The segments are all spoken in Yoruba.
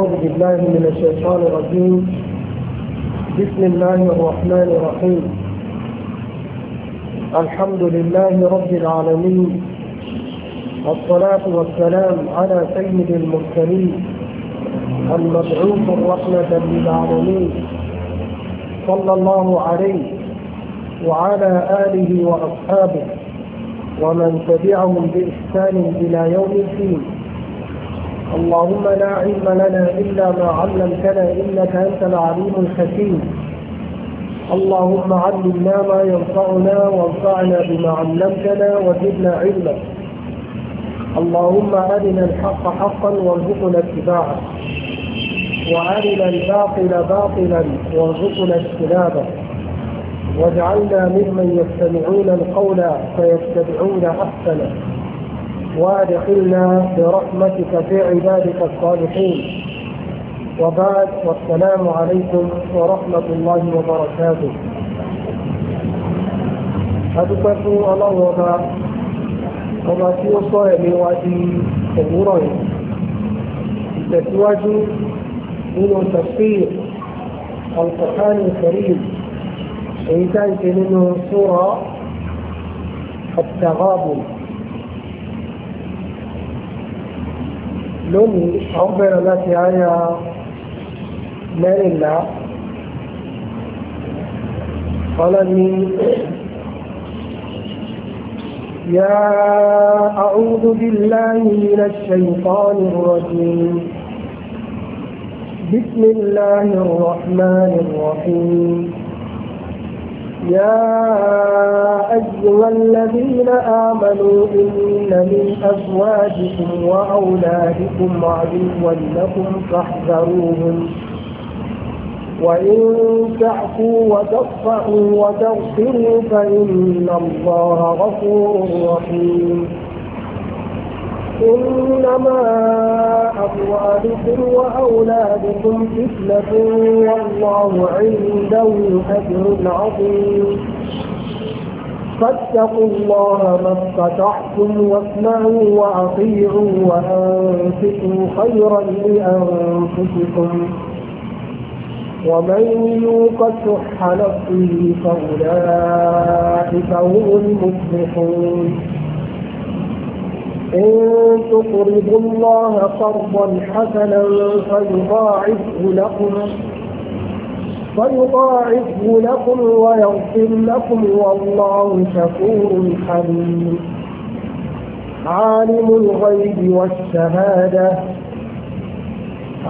أعوذ بالله من الشيطان الرجيم بسم الله الرحمن الرحيم الحمد لله رب العالمين والصلاة والسلام على سيد المرسلين المبعوث الرحمة للعالمين صلى الله عليه وعلى آله وأصحابه ومن تبعهم بإحسان إلى يوم الدين اللهم لا علم لنا إلا ما علمتنا إنك أنت العليم الحكيم اللهم علمنا ما ينفعنا وانفعنا بما علمتنا وزدنا علما اللهم أرنا الحق حقا وارزقنا اتباعه وأرنا الباطل باطلا وارزقنا اجتنابه واجعلنا ممن يستمعون القول فيتبعون أحسنه وادخلنا برحمتك في عبادك الصالحين وبعد والسلام عليكم ورحمة الله وبركاته أدوكم الله وبا وما في صائم وادي أمورين تتواجه من تفسير القرآن الكريم إذا كان منه سورة التغابن lónìí àwọn bẹ̀rẹ̀ láti àyà mẹ́rìnlá ọlọ́ni يا أعوذ بالله من الشيطان الرجيم بسم الله الرحمن الرحيم يا أيها الذين آمنوا إن من أزواجكم وأولادكم عدوا لكم فاحذروهم وإن تعفوا وتصفحوا وتغفروا فإن الله غفور رحيم إنما أموالكم وأولادكم فتنة والله عنده أجر عظيم فاتقوا الله ما استطعتم واسمعوا وأطيعوا وأنفقوا خيرا لأنفسكم ومن يوق شح نفسه فأولئك هم المفلحون إن تقرضوا الله قرضا حسنا فيضاعفه لكم فيضاعفه لكم ويغفر لكم والله شكور حليم عالم الغيب والشهادة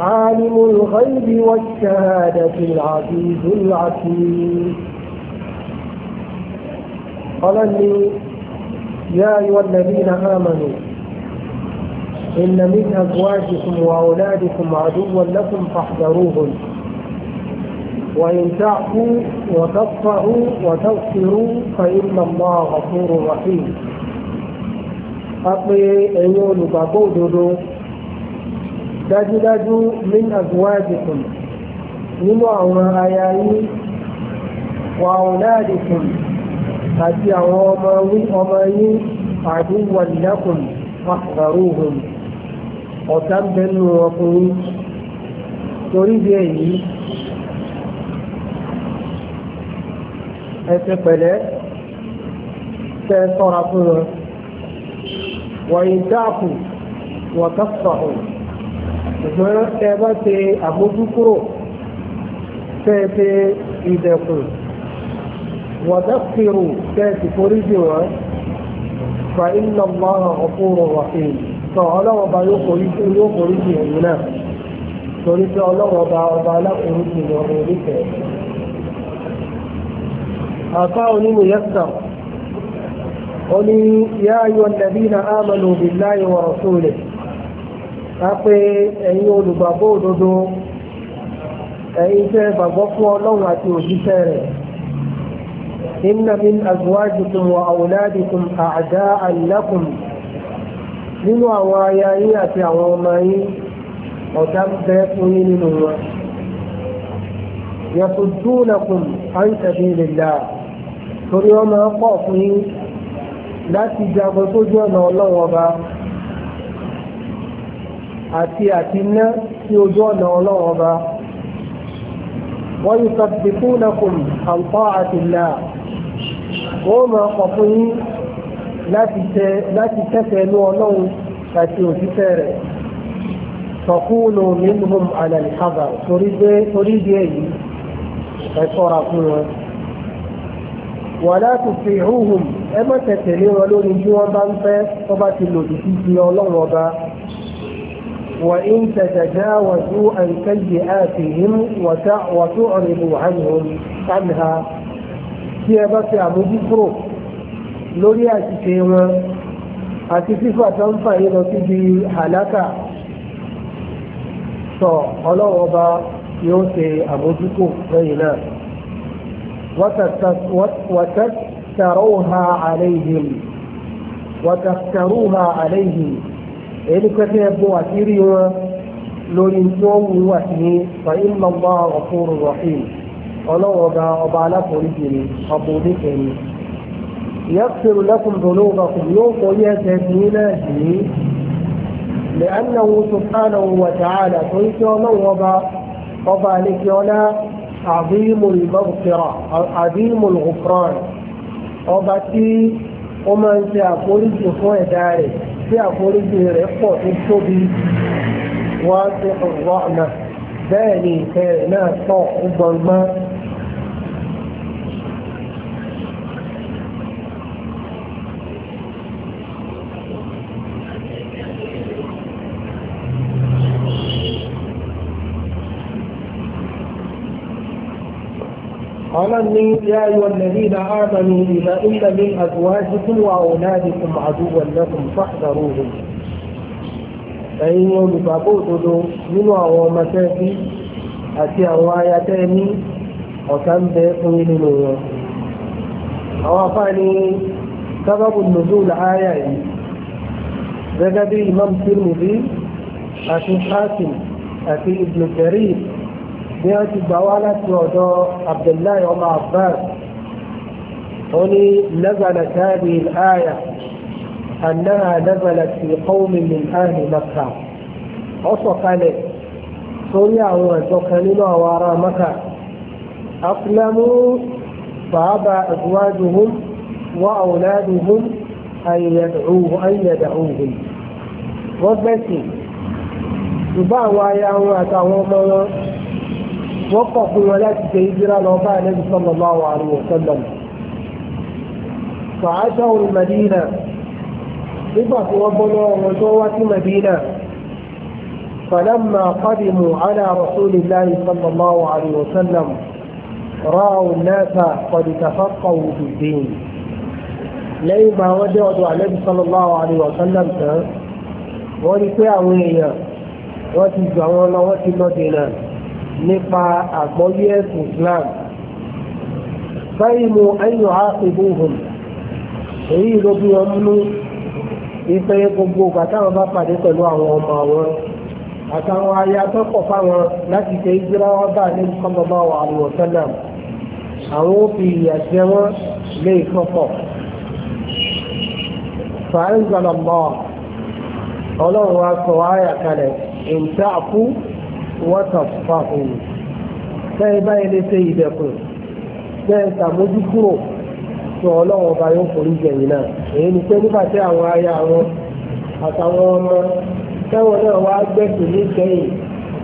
عالم الغيب والشهادة العزيز العكيم قال لي يا أيها الذين آمنوا إن من أزواجكم وأولادكم عدوا لكم فاحذروهم وإن تعفوا وتصفحوا وتغفروا فإن الله غفور رحيم أطيع أيون بابودود دجلج من أزواجكم من أعيائي وأولادكم أتي عوامي عدوا لكم فاحذروهم ọ̀tá ń bẹ nínú ọkùnrin torí bí èyí ẹsẹ̀ pẹ̀lẹ́ tẹ sọ́ra fún wọn wọ̀nyí dáàkù wọ́n ká sọ̀rọ̀ ṣùgbọ́n ẹ bá ṣe àmójúkúrò tẹ́ ṣe ìdẹ̀kùn wọ́n dá kírù tẹ́ ṣe forí jì wọ́n fa inna Allaha ghafurur rahim sọ ọlọ́wọ́ ọba yóò forí sí yóò forí sí ẹ̀yìn náà torí pé ọlọ́wọ́ ọba ọba aláforíjì ni ọmọ onífẹ̀ẹ́. àfa onímù yẹ́sà ó ní ayọ̀ nàbí na ámàlù billahi wa rasulih á pé ẹ̀yin olùgbàgbọ́ òdodo ẹ̀yin tẹ́ gbàgbọ́ fún ọlọ́run àti òjíṣẹ́ rẹ̀. إن من أزواجكم وأولادكم أعداء لكم nínú àwọn aya yín àti àwọn ọmọ yín ọ̀tá bẹ fún yín nínú wọn yasuddunakum an sabilillah torí ọmọ pọ̀ fún yín láti jagun sójú ọ̀nà ọlọ́wọ́n ọba àti àti ná sí ojú ọ̀nà ọlọ́wọ́n ọba wọ́n yusabbihunakum an ta'atillah wọ́n máa pọ̀ fún yín láti tẹ láti tẹ́tẹ̀ẹ́ ní ọlọ́run àti òṣìṣẹ́ rẹ̀ sọ̀kúnù minhum alàlìkàbà torí bí èyí ẹ ṣọ́ra fún wọn. wàlá tó fi hùhùm ẹ má tẹ̀tẹ̀ lé wọn lórí bí wọ́n bá ń fẹ́ tó bá ti lòdì sí ti ọlọ́run ọba. وإن تتجاوزوا عن سيئاتهم وتعرضوا عنهم عنها. هي بس أبو بكر lórí àṣìṣe wọn àti fífà tó ń fàyè lọ síbi àlákà sọ ọlọ́wọ́ bá yóò ṣe àbójúkò lẹ́yìn náà wàtàtàróhà àlẹ́yìn wàtàtàróhà àlẹ́yìn èyí pẹ́pẹ́ bó àṣírí wọn lórí tí wọ́n wù wà ní fàyín lọ́gbà ọ̀fọ́rọ̀ rọ̀hìn ọlọ́wọ́ bá ọba aláforíjì ni ọba oníkẹ́ni. يغفر لكم ذنوبكم يوم يتدين به لأنه سبحانه وتعالى تنسي ومن وضع وضع لك عظيم المغفرة عظيم الغفران ọba tí ó máa ń ṣe àforíjì fún ẹ̀dá rẹ̀ tí àforíjì rẹ̀ pọ̀ tó tóbi wá sí ọ̀rọ̀ náà bẹ́ẹ̀ ni ìfẹ́ rẹ̀ náà tọ̀ ó gbọ̀ngbọ́n ظننني يا أيها الذين آمنوا إذا إن من أزواجكم وأولادكم عدوا لكم فاحذروهم فإن يوم فقوته من وهو مساكي أتي روايتين وكم بيقول له أوفاني سبب النزول آية ذكر الإمام الترمذي اخي الحاكم اخي ابن كريم بها تبوالة وضاء عبد الله وما عباس هني نزلت هذه الآية أنها نزلت في قوم من أهل مكة وصفلت سوريا وتكلم وراء مكة أقلموا فأبى أزواجهم وأولادهم أن يدعوه أن يدعوهم وبسي ṣùgbọ́n àwọn aya wọn àtàwọn ọmọ wọn wọ́n kọ̀ fún wọn láti ṣe ìdíra lọ bá ẹlẹ́bí sallallahu alaihi wasallam. fàáṣà òun Madina nígbà tí wọ́n bọ́ lọ́wọ́ wọn tó wá sí Madina فلما قدموا على رسول الله صلى الله عليه وسلم رأوا الناس قد تفقهوا في الدين lẹ́yìn máa wọ́n jẹ́ ọ̀dọ̀ àlẹ́bí sallallahu alaihi wa sallam tán wọ́n rí pé àwọn èèyàn wọ́n ti gbà wọn lọ wọ́n ti lọ dènà nípa àgbọ́yé ẹ̀sìn Islam fẹ́yìmù ẹ̀yọ̀ àpèbúhùn èyí ló bí wọn mú ife gbogbo ìgbà táwọn bá pàdé pẹ̀lú àwọn ọmọ àwọn àtàwọn aya tó pọ̀ fáwọn láti ṣe ìgbérawa bá ní kọ́mọba wà àlùwọ̀ sẹ́lẹ̀ àwọn òbí ìyà wọn lé وتفقهوا سيبا إلي سيدكم سيبا مجكرو سؤالهم وبايون فريجا هنا يعني سيبا تعوى يعوى àtàwọn ọmọ táwọn náà wá gbẹ̀sùn ní kẹ́yìn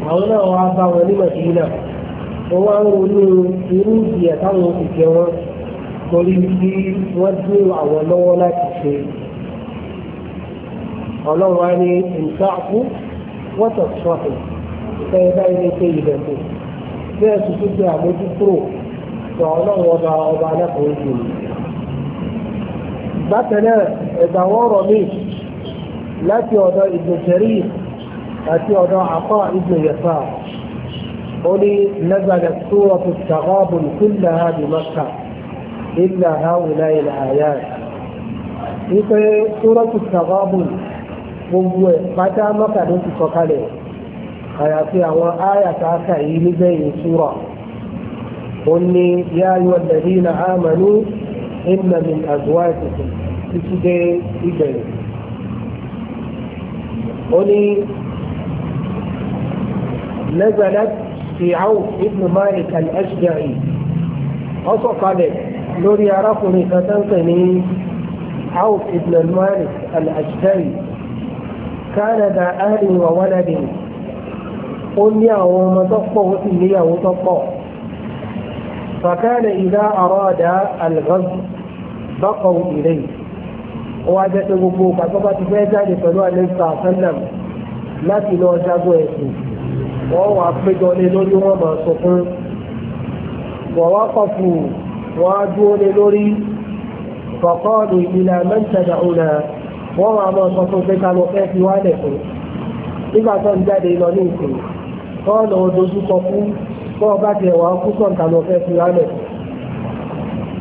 àwọn náà wá bá wọn ní màdínà wọ́n wá ń ronú irú ìyà táwọn òṣìṣẹ́ wọn torí tí wọ́n dé àwọn lọ́wọ́ láti ṣe ọlọ́run á ní ìṣàkú wọ́tọ̀ sọ́ọ̀tì tẹ ẹ báyìí lè ṣe ìdẹ̀kù bẹ́ẹ̀ tuntun ṣe àmójúkúrò sọ ọlọ́run ọba ọba alákòó jù mí. bákan náà ẹ̀dà wọ́ọ̀rọ̀ mi láti ọ̀dọ̀ ìgbésẹ̀rí àti ọ̀dọ̀ àpá ìgbéyẹ̀fà ó ní nazala suratu taghabun kullaha bi Makkah illa ha'ula'i al-ayat. wípé suratu taghabun gbogbo ẹ̀ pátá Makkah ló ti sọ خياطيها وآية أكايه بين سورة قل يا أيها الذين آمنوا إن من أزواجكم إتدي إتدي قل نزلت في عوف ابن مالك الأشجعي أصف عليك نور يعرفني فتنقني عوف ابن مالك الأشجعي كان ذا أهل وولد ó ní àwọn ọmọ tó pọ̀ ó sì níyàwó tó pọ̀ fàkàlẹ̀ ìdá àrọ́ àdá àlùbọ́sù bákan ìrẹ́ yìí ó wá jẹ́ pé gbogbo pàtó bá ti fẹ́ jáde pẹ̀lú àlẹ́sà àfẹ́lẹ̀m láti lọ jágó ẹ̀sìn wọ́n wàá péjọ lé lórí wọn máa sọ wọ́n wá kọ̀ fún wọn á dúró lé lórí fọ̀kọ́ọ̀lù ìlà mẹ́tẹ̀dà ọ̀nà wọ́n wàá máa sọ pé ká lọ fẹ́ fi wálẹ̀ fún nígbà tó ń jáde lọ ní ìsìn tọ́ọ̀lọ̀ dojúkọ fún bọ́ ọba jẹ wà kú sọ̀ǹkà lọ fẹ́ fi rálẹ̀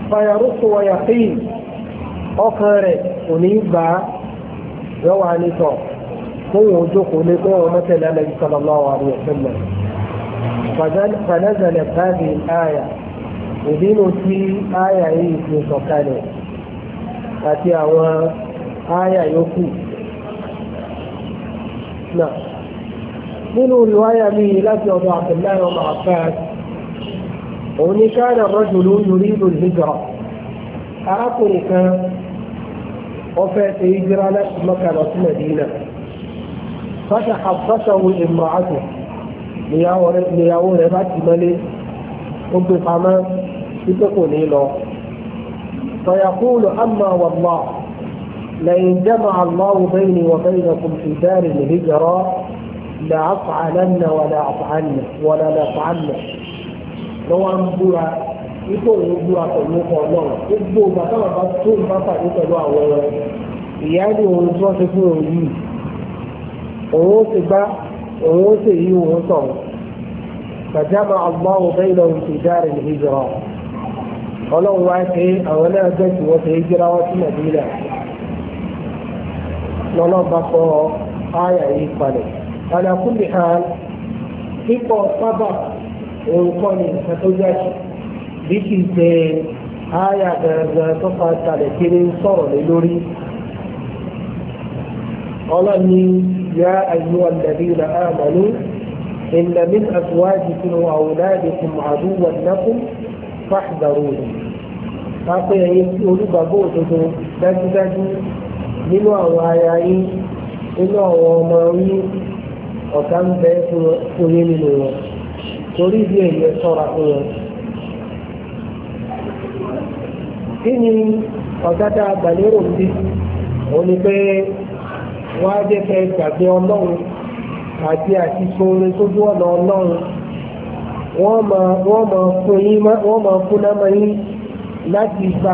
fàyàrúkú wọ̀yà fíì ọkàn rẹ̀ kò ní gbà á yọwà ní sọ fún òun jókòó lé pé ọmọ tẹ̀lé alẹ́ sallallahu àti àwọn àyà yòókù náà nínú riwaya mi láti ọ̀dọ̀ Abdullahi ọmọ Abbas òun ni káàdà rọ́jùlú yorí ìlú ìjọ arákùnrin kan ọfẹ́ ṣe ìjìrá láti Mẹ́kà lọ sí Mẹ́dínà fásitì àfásàwò ìmọ̀ràtò níyàwó rẹ̀ bá ti mọ́lé ó gbé pamọ́ títí kò ní lọ. فيقول أما والله لئن جمع الله بيني وبينكم في دار الهجرة la af'alanna wa la af'alna wa la la af'alna lọ́wọ́ ń búra ipò òun búra pẹ̀lú ọkọ̀ náà gbogbo ìgbà táwọn bá tó ń bá pàdé pẹ̀lú àwọn ọ̀rọ̀ ìyá ní òun tí wọ́n ti fún òun yìí òun ó ti bá òun ó sì yí òun sọ̀rọ̀ fàjámà Allahu bainahum fi dar al-hijra ọlọ́run wá ṣe àwọn náà bẹ́ẹ̀ tí wọ́n ṣe é jíra sí Madina lọ́lọ́ bá kọ́ ọ́ áyà yìí kalẹ̀. على كل حال kíkọ sábà orúkọ ni nǹkan tó yájú bí kì í ṣe àyà gẹ̀rẹ́gẹ̀rẹ́ tó fa ìtàlẹ̀ kiri ń sọ̀rọ̀ lé lórí. ọlọ́ni yá àyù àlẹ́bí ra àmàlú ìlẹ̀mí àtúwájú fún àwòláàdì fún àdúgbò nàkún fàdàrú ni. pápẹ́ ẹ̀yìn olùgbàgbọ́ òdodo dájúdájú nínú àwọn aya yín nínú àwọn ọmọ yín ọ̀tá ń bẹ fún yín nínú wọn torí bí èyí sọ́ra bí òun pé wọ́n á jẹ́ kẹ́ gbàgbé ọlọ́run àti àti sóore sójú ọ̀nà ọlọ́run wọ́n máa fún yín wọ́n máa fún náà yín láti gba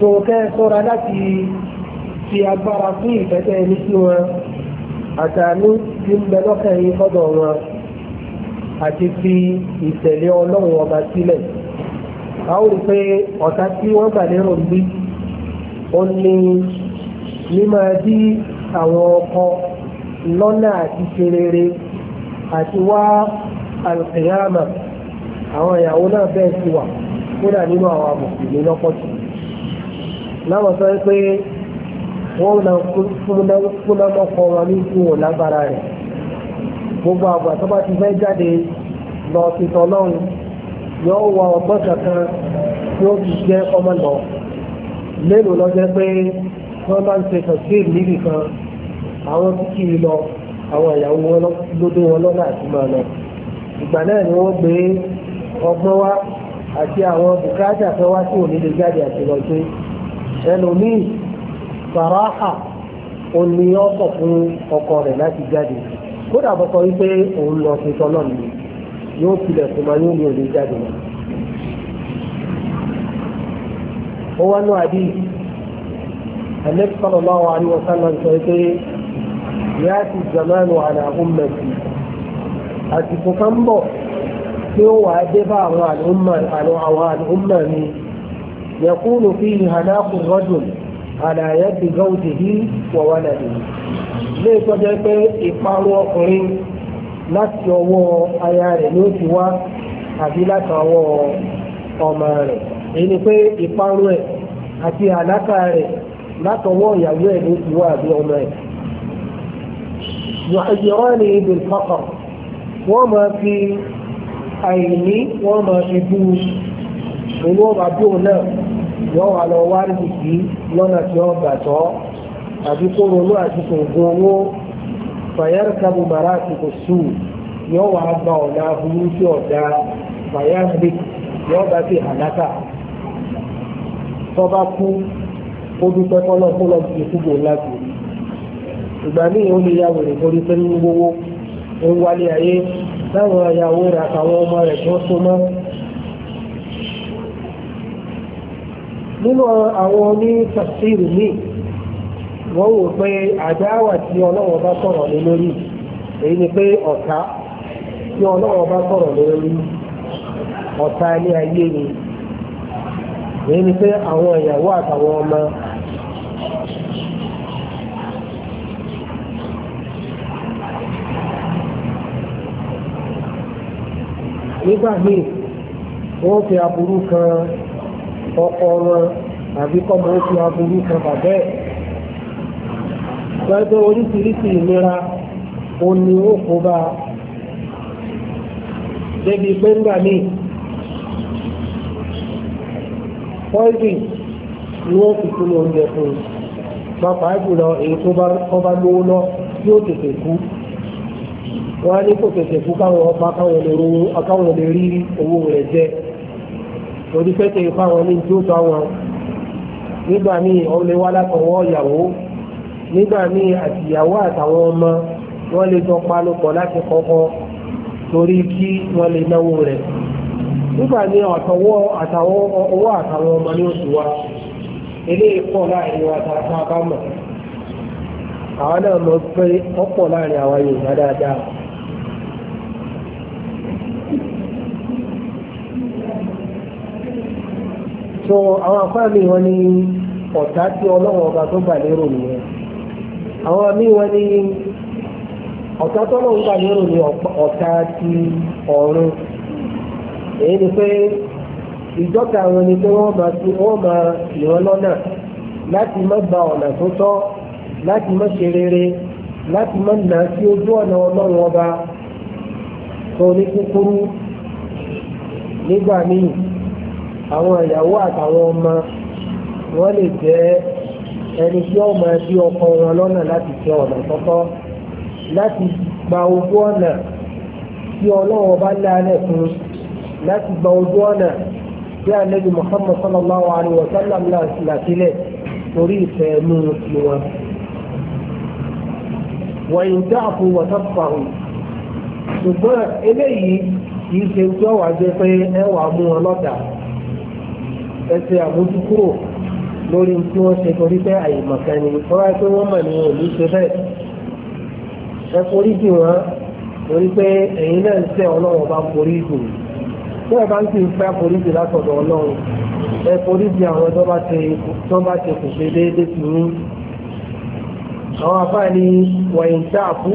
tó kẹ́ sọ́ra láti fi agbára fún ìfẹ́tẹ́ ẹni sí wọn àtàánú tí ń bẹ lọ́kàn fọ́dọ̀ wọn àti fi ìtẹ̀lé ọlọ́run ọba sílẹ̀ a ó rí pé ọ̀tá tí wọ́n gbà lérò ń bí ó ní mímọ dí àwọn ọkọ lọ́nà àti ṣe àti wá alùpùpù àwọn ìyàwó náà bẹ́ẹ̀ wà kódà nínú àwọn lọ́pọ̀ láwọn sọ pé wọ́n kúnná mọ́kọ wọn ní ikú wọn lágbára rẹ̀ gbogbo àgbà tó bá ti fẹ́ jáde lọ sí tọ́lọ́run yóò wọ ọgbọ́n kankan tí ó fi jẹ́ ọmọ lọ mélòó lọ pé wọ́n bá ń ṣe kọ̀síìn níbì kan àwọn kíkiri lọ àwọn ìyàwó wọn lódó wọn lọ́nà àti máa lọ ìgbà náà ni wọ́n gbé ọgbọ́n wá àti àwọn bùkátà kan wá tí ò lè jáde àti lọ sí ẹlòmíì sàráhà òní ọkọ̀ fún ọkọ rẹ̀ láti jáde kódà bọ́kọ wípé òun lọ sí tọ́lọ̀ mi yóò tilẹ̀ fún ma yóò ní òní jáde lọ. ó wá ní àdí ẹ̀lẹ́tì sọ̀rọ̀ náà náà sọ pé ìyá ti zamanu àlà ummati àsìkò kan bọ̀ tí ó wà á dé bá àwọn àlùmọ̀ mi. يقول فيه هلاك الرجل على يد زوجه وولده ليه تجد إقارو أخرين láti ọwọ́ aya rẹ̀ ló ti wá àbí láti ọwọ́ ọmọ rẹ̀ èyí ni pé ìparun ẹ̀ àti àlákà rẹ̀ láti ọwọ́ ìyàwó ẹ̀ ló ti wá àbí ọmọ ẹ̀. yu'ajirani bil faqr wọ́n máa fi àìní wọ́n máa fi bú inú ọba bí òun náà wọ́n wà lọ wá nìkí lọ́nà tí wọ́n gbà tọ́ àbí kó ronú àti kòǹgó owó fàyàrì kábù màrà àti kò sù yóò wà gba ọ̀nà aburú tí ọ̀dà fàyàrì yóò bá ti hànákà tọ́ba kú ó dúpẹ́ kó lọ sí ya wèrè torí pé ń wówó ń wálé ayé àtàwọn ọmọ nínú àwọn oní tafsir mi wọ́n wò pé àdáwà tí ọlọ́wọ́ bá sọ̀rọ̀ lé lórí èyí ni pé ọ̀tá tí bá lé lórí ọ̀tá ayé ni èyí ni pé àwọn ìyàwó àtàwọn ọmọ nígbà míì wọ́n fi aburú kan ọkọ wọn àbí kọ́mọ ó fi aburú kan bàbẹ́ ẹ̀. Gbẹ́gbẹ́ oríṣiríṣi ìlera ó ní ó kó bá a. Débi poison ni wọ́n fi sínú oúnjẹ fún un. Pàápàá jùlọ èyí tó bá lówó lọ tí ó tètè kú. Wọ́n á ní kò tètè kú káwọn ọba jẹ. torí pé kì í fáwọn ní tí ó tọ́ wọn nígbà míì ó lè wá látọwọ́ ìyàwó nígbà míì àtìyàwó àtàwọn ọmọ wọn lè jọ palopọ̀ láti kọ́kọ́ torí kí wọ́n lè náwó rẹ̀ nígbà míì àtọwọ́ ọwọ́ àtàwọn ọmọ ní wa eléyìí pọ̀ láàrin wa tá a bá mọ̀ àwọn náà mọ̀ pé ọ̀pọ̀ láàrin àwa so àwọn afáàmì wọn ni ọ̀tá tí ọlọ́run ọba tó gbà lérò nìyẹn àwọn àmì wọn ni ọ̀tá tọ́lọ́run gbà lérò ni ọ̀tá ti ọ̀run èyí ni pé ìjọta àwọn ẹni pé wọ́n máa ti wọ́n máa ìran lọ́nà láti má gba ọ̀nà tó tọ́ láti má ṣe rere láti ọba tó ní kúkúrú nígbà àwọn ìyàwó àtàwọn ọmọ wọ́n lè jẹ́ ẹni tí ó máa bí ọkọ wọn lọ́nà láti tẹ ọ̀nà tọ́tọ́ láti gba ojú ọ̀nà tí ọlọ́wọ́ bá lálẹ́ fún láti gba ojú ọ̀nà tí àlejò Muhammad sallallahu alayhi wa sallam làtìlẹ̀ torí ìfẹ́ mú tiwọn. wọ̀nyí dáàbò wọ́tọ́fàrù ṣùgbọ́n eléyìí kì í ṣe ojú ọ̀wà jẹ́ pé ẹwà mú wọn lọ́dàá ẹ ṣe àmójúkúrò lórí tí wọ́n ṣe torí pé àyèmọ̀kan ni wọ́n wáyé pé wọ́n mọ̀ ní òní ṣe bẹ́ẹ̀ ẹ forí jì wọ́n torí pé ẹ̀yin náà ń tẹ́ ọlọ́run bá forí jù tí ẹ bá ń sì ń forí jì látọ̀dọ̀ ọlọ́run ẹ forí jì àwọn tó bá ṣe kò ṣe déédéé sí yín àwọn afá ni wọ̀nyí táàpù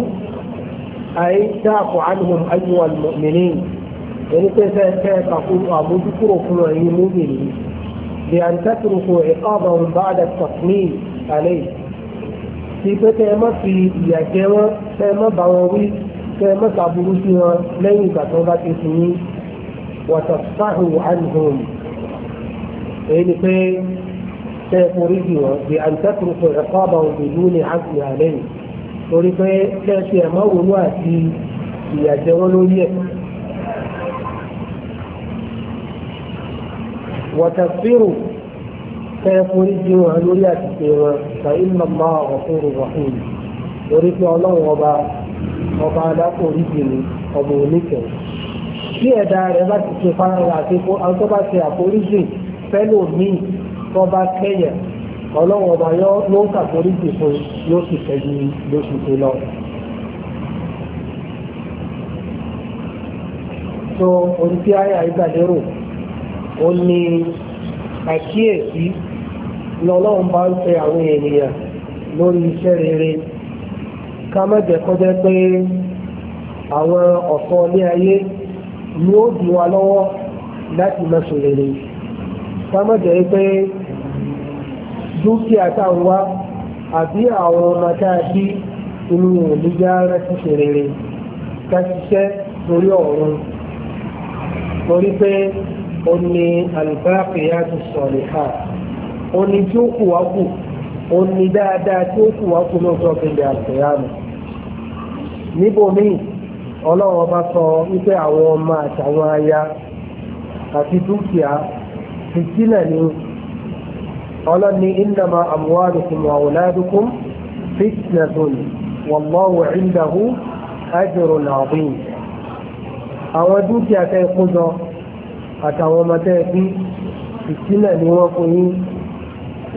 àyè táàpù àdùnnú ayé wà lọ́mìnì ẹni pé fẹ́ẹ́ fẹ́ẹ́ kàkú fún ẹ̀yin mú بأن تتركوا عقابهم بعد التصميم عليه ti pé kẹ ẹ má fi ìyà jẹ wọn kẹ ẹ má bá wọn wí kẹ ẹ má ṣàbùrú sí wọn lẹ́yìn ìgbà tó bá ti fi yín wọtọ sáhùn àìhùn èyí ni pé kẹ ẹ forí jì wọn bí àǹtẹkùrùkù ẹkọ àbàwọn òbílú ní àgbè àlẹyìn torí pé kẹ ẹ ti ẹ má wọnú àti ìyà jẹ wọn lórí ẹ. wọ́tàfírù fẹ́ forí jì wọn lórí àtìsí wọn fa inna Allaha ghafurur rahim lórí pé ọlọ́run ọba ọba aláforíjì ni ọba oníkẹ̀ẹ́ tí ẹ̀dá rẹ̀ bá ti ṣe fara àti tó bá ṣe àforíjì fẹ́lò míì tó bá kẹ́yà ọlọ́run ọba ló ń ṣàforíjì fún yóò sì tẹ̀lé lóṣù tó lọ. so orí tí ayé àyíká lérò ó ní àkíyèsí lọ́lọ́run bá ń pe àwọn ènìyàn lórí iṣẹ́ rere ká má jẹ́ kó jẹ́ pé àwọn ọ̀sán ilé ayé ni ó dùn wa lọ́wọ́ láti mẹ́sùn rere ká má jẹ́ pé dúkìá táwọn wá àbí àwọn ọmọ tá a bí inú òníjà rẹ̀ ti ṣe rere ká ṣiṣẹ́ lórí ọ̀run torí pé ó ní al-baqiyatu s-salihat ó ní tí ó kù wá kù ó ní dáadáa tí ó kù wá kù lóòótọ́ gbẹ̀dẹ̀ àlùkìyàmù níbo míì ọlọ́run ọba sọ wípé àwọn ọmọ àtàwọn aya àti dúkìá fìtínà ni ọlọ́ni innama amwalukum wa awladukum fitnatun wallahu indahu ajrun àwọn dúkìá tẹ́ àtàwọn ọmọ tẹ́ ẹ bí fìtínà ni wọ́n fún yín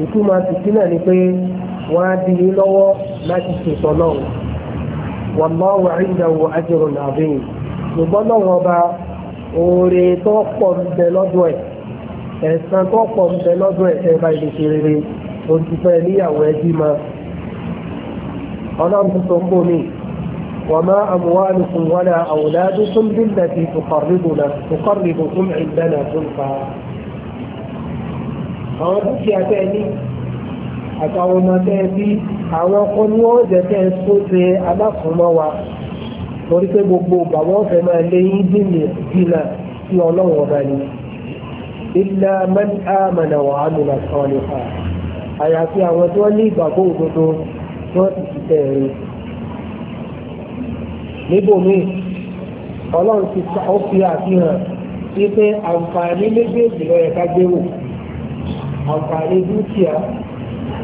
ìtumọ̀ fìtínà ni pé wọ́n á di yín lọ́wọ́ láti ṣètò náà wallahu indahu ajrun azim ṣùgbọ́n náà wọ́n bá oore tó pọ̀ ń bẹ lọ́dọ̀ ẹ̀ ẹ̀sán tó pọ̀ ń bẹ lọ́dọ̀ ẹ̀ ẹ̀ bá ilé ṣe rere òtútù ẹ̀ níyàwó ẹ̀ ma ọlọ́run tuntun ń bò míì. وما أموالكم ولا أولادكم بالتي تقربنا تقربكم عندنا زلفى àwọn dúkìá tẹ́ ní àtàwọn ọmọ tẹ́ bí àwọn ọkọ ní wọ́n jẹ́ tẹ́ tó ṣe aláfọ̀mọ́ wa torí pé gbogbo bàbá fẹ́ máa lé yín dínlẹ̀ dínà sí ọlọ́run ọba ni illa man amana wa amila salihan àyàfi àwọn tí wọ́n ní ìgbàgbọ́ òdodo tí wọ́n ti ti tẹ̀ rẹ̀ níbòmíì ọlọ́run ti ó fi àfihàn wípé àǹfààní méjèèjì ló yẹ ká gbé wò àǹfààní dúkìá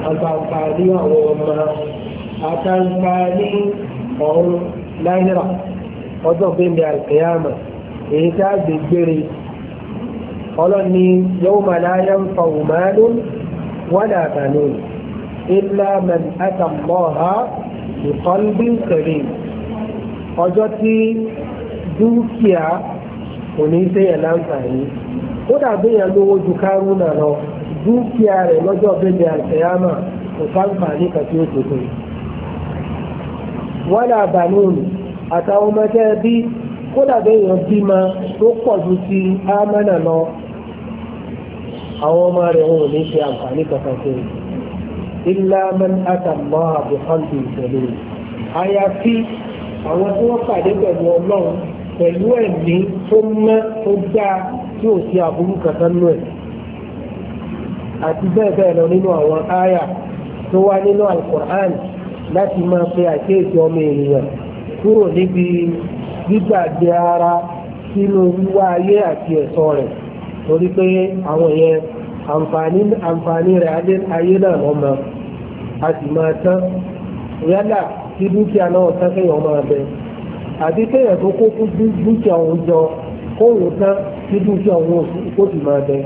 àǹfààní àwọn ọmọ àtàǹfààní ọ̀run náírà ọjọ́ gbẹ̀ndẹ̀ àìkèyàmà èyí tá a gbé gbére ọlọ́ni yóò máa láyé ń fa òmàánú wọ́n àtàlóyìn ilá mẹ́ta mọ́ ha ìkọ́lbí sẹ́lẹ̀ ọjọ́ tí dúkìá kò ní séyàn láǹfààní ó dàbí èèyàn lówó ju kárúnà lọ dúkìá rẹ̀ lọ́jọ́ bẹ́ẹ̀ àtẹ̀yámà kò sáǹfààní kàtí ó tètè wọ́n àbànúùn àtàwọn ọmọ ẹgbẹ́ bí kó dàbí èèyàn bímọ tó pọ̀ ju ti ámánà lọ àwọn ọmọ rẹ̀ wọn ò ní ṣe àǹfààní kankan sí i. ilá man àtàmọ́ àbùkọ́ńtì ìṣẹ̀lẹ̀ àyàfi àwọn tí wọ́n pàdé pẹ̀lú ọlọ́run pẹ̀lú ẹ̀mí tó mọ́ tó dáa tí ò sí aburú kankan nù ẹ̀ àti bẹ́ẹ̀ bẹ́ẹ̀ lọ nínú àwọn áyà tó wá nínú alukur'an láti máa pe àkéèsí ọmọ ènìyàn kúrò níbi gbígbàgbé ara sínú wíwá ayé àti ẹ̀tọ́ rẹ̀ torí pé àwọn yẹn àǹfààní rẹ̀ ayé náà lọ́mọ a sì máa tán yálà kí dúkìá náà tán kéèyàn máa bẹ àbí kéèyàn tó kó fún dúkìá òun jọ kóòrò tán kí dúkìá òun kó sì máa bẹ.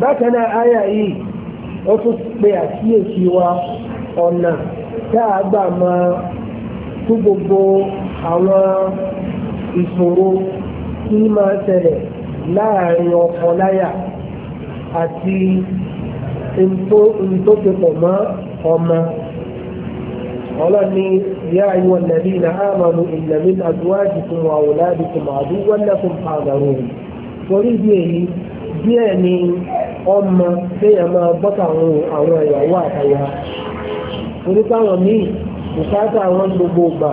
bákan náà àyà yìí ó tún pe àkíyèsí wa ọ̀nà tá a gbà máa tún gbogbo àwọn ìṣòro tí máa ṣẹlẹ̀ àti tó ti pọ̀ mọ́ ọmọ ọlọ́ni yá àyíwọ̀n nàbí na ámàlú ìlàmí àdúwájì fún àwòládì fún àdúwọ́lá fún àgbàrò torí bí èyí díẹ̀ ni ọmọ téèyàn máa bọ́ta àwọn ìyàwó àtàyà torí táwọn míì bùkátà àwọn gbogbo ìgbà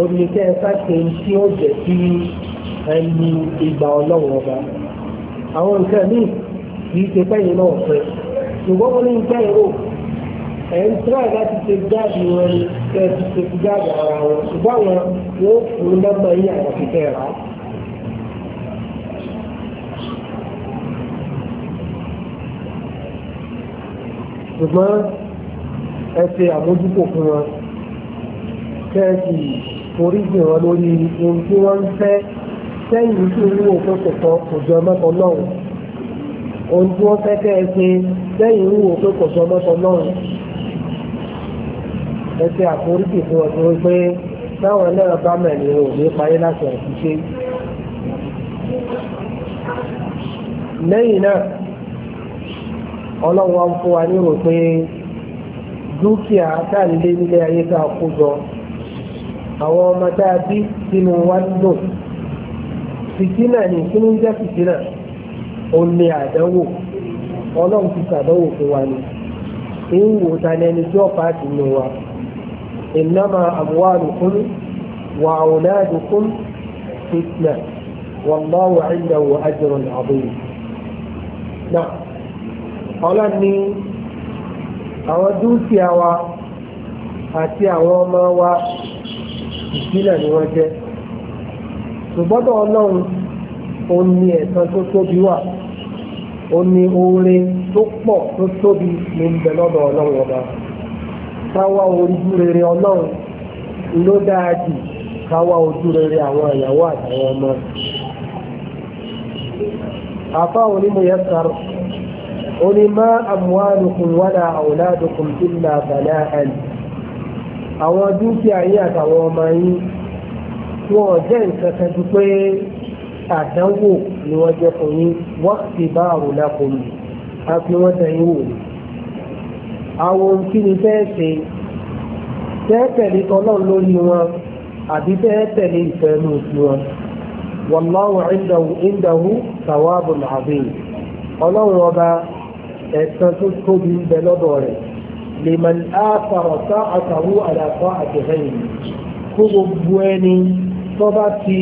omi sáké tí ó jẹ́ sí ẹni ìgbà ọlọ́run ọba àwọn nǹkan míì kì í ṣe pẹ́yìn náà fẹ́ ṣùgbọ́n mo ní ìfẹ́ ìró ẹ̀ ń tíra láti ṣe gáàdì wọn ni kẹ́ ẹ ti ṣe gáàdì ara wọn ṣùgbọ́n àwọn yóò fún nọ́mbà yín àyàfi fẹ́ rà á. ṣùgbọ́n ẹ ṣe àmójúkò fún wọn kẹ́ ẹ sì forí jìn wọn lórí ohun tí wọ́n ń fẹ́ sẹ́yìn tí olúwo kò kò jọ mẹ́kọ̀ọ́ náà. ohun tí wọ́n fẹ́ kẹ́ ẹ ṣe lẹ́yìn wíwò pé kò sọ mọ́tò náà ẹ ṣe àforíjì fún ọdún wípé táwọn náà bá mẹ́rin ò ní parí láti àṣìṣe. lẹ́yìn náà ọlọ́run fún wa nírò pé dúkìá tá nílé ayé tá a jọ àwọn ọmọ a ó ní àdánwò ọlọ́run ti sàdánwò fún wa ni ń ta ni ẹni tí ó pàtì nù wa ìnáma àmúwádùkún wà ọ̀nàdùkún fitna wallahu indahu ajrun adhim náà ọlọ́run ní àwọn dúkìá wa àti àwọn ọmọ wa ìpínlẹ̀ ni wọ́n jẹ́ ṣùgbọ́n ọlọ́run ó ní ẹ̀san tó tóbi wà ó ní oore tó pọ̀ tó tóbi ní bẹ lọ́dọ̀ ọlọ́run ọba káwá ojú rere ọlọ́run ló dáa jù káwá ojú rere àwọn ìyàwó àtàwọn ọmọ àfa onímọ̀ yẹn sọ̀rọ̀ oní má amwalukum wala auladukum illa bala'an àwọn dúkìá yín àtàwọn ọmọ yín wọn jẹ́ nǹkan kan pé àdánwò ni wọ́n jẹ́ fún yín wọ́n ti bá àrùn náà kò lù á fi wọ́n dẹ̀ yín wò ní. àwọn ohun kí ni fẹ́ ṣe fẹ́ tẹ̀lé tọ́lọ́run lórí wọn àbí fẹ́ tẹ̀lé ìfẹ́ nù sí wọn. wallahu indahu indahu thawabun azim ọlọ́run ọba ẹ̀san tó tóbi ń bẹ lọ́dọ̀ rẹ̀ liman áfàrọ̀ sáà àtàwọn àlàkọ́ àtẹ̀hẹ́yìn fún gbogbo ẹni tó bá fi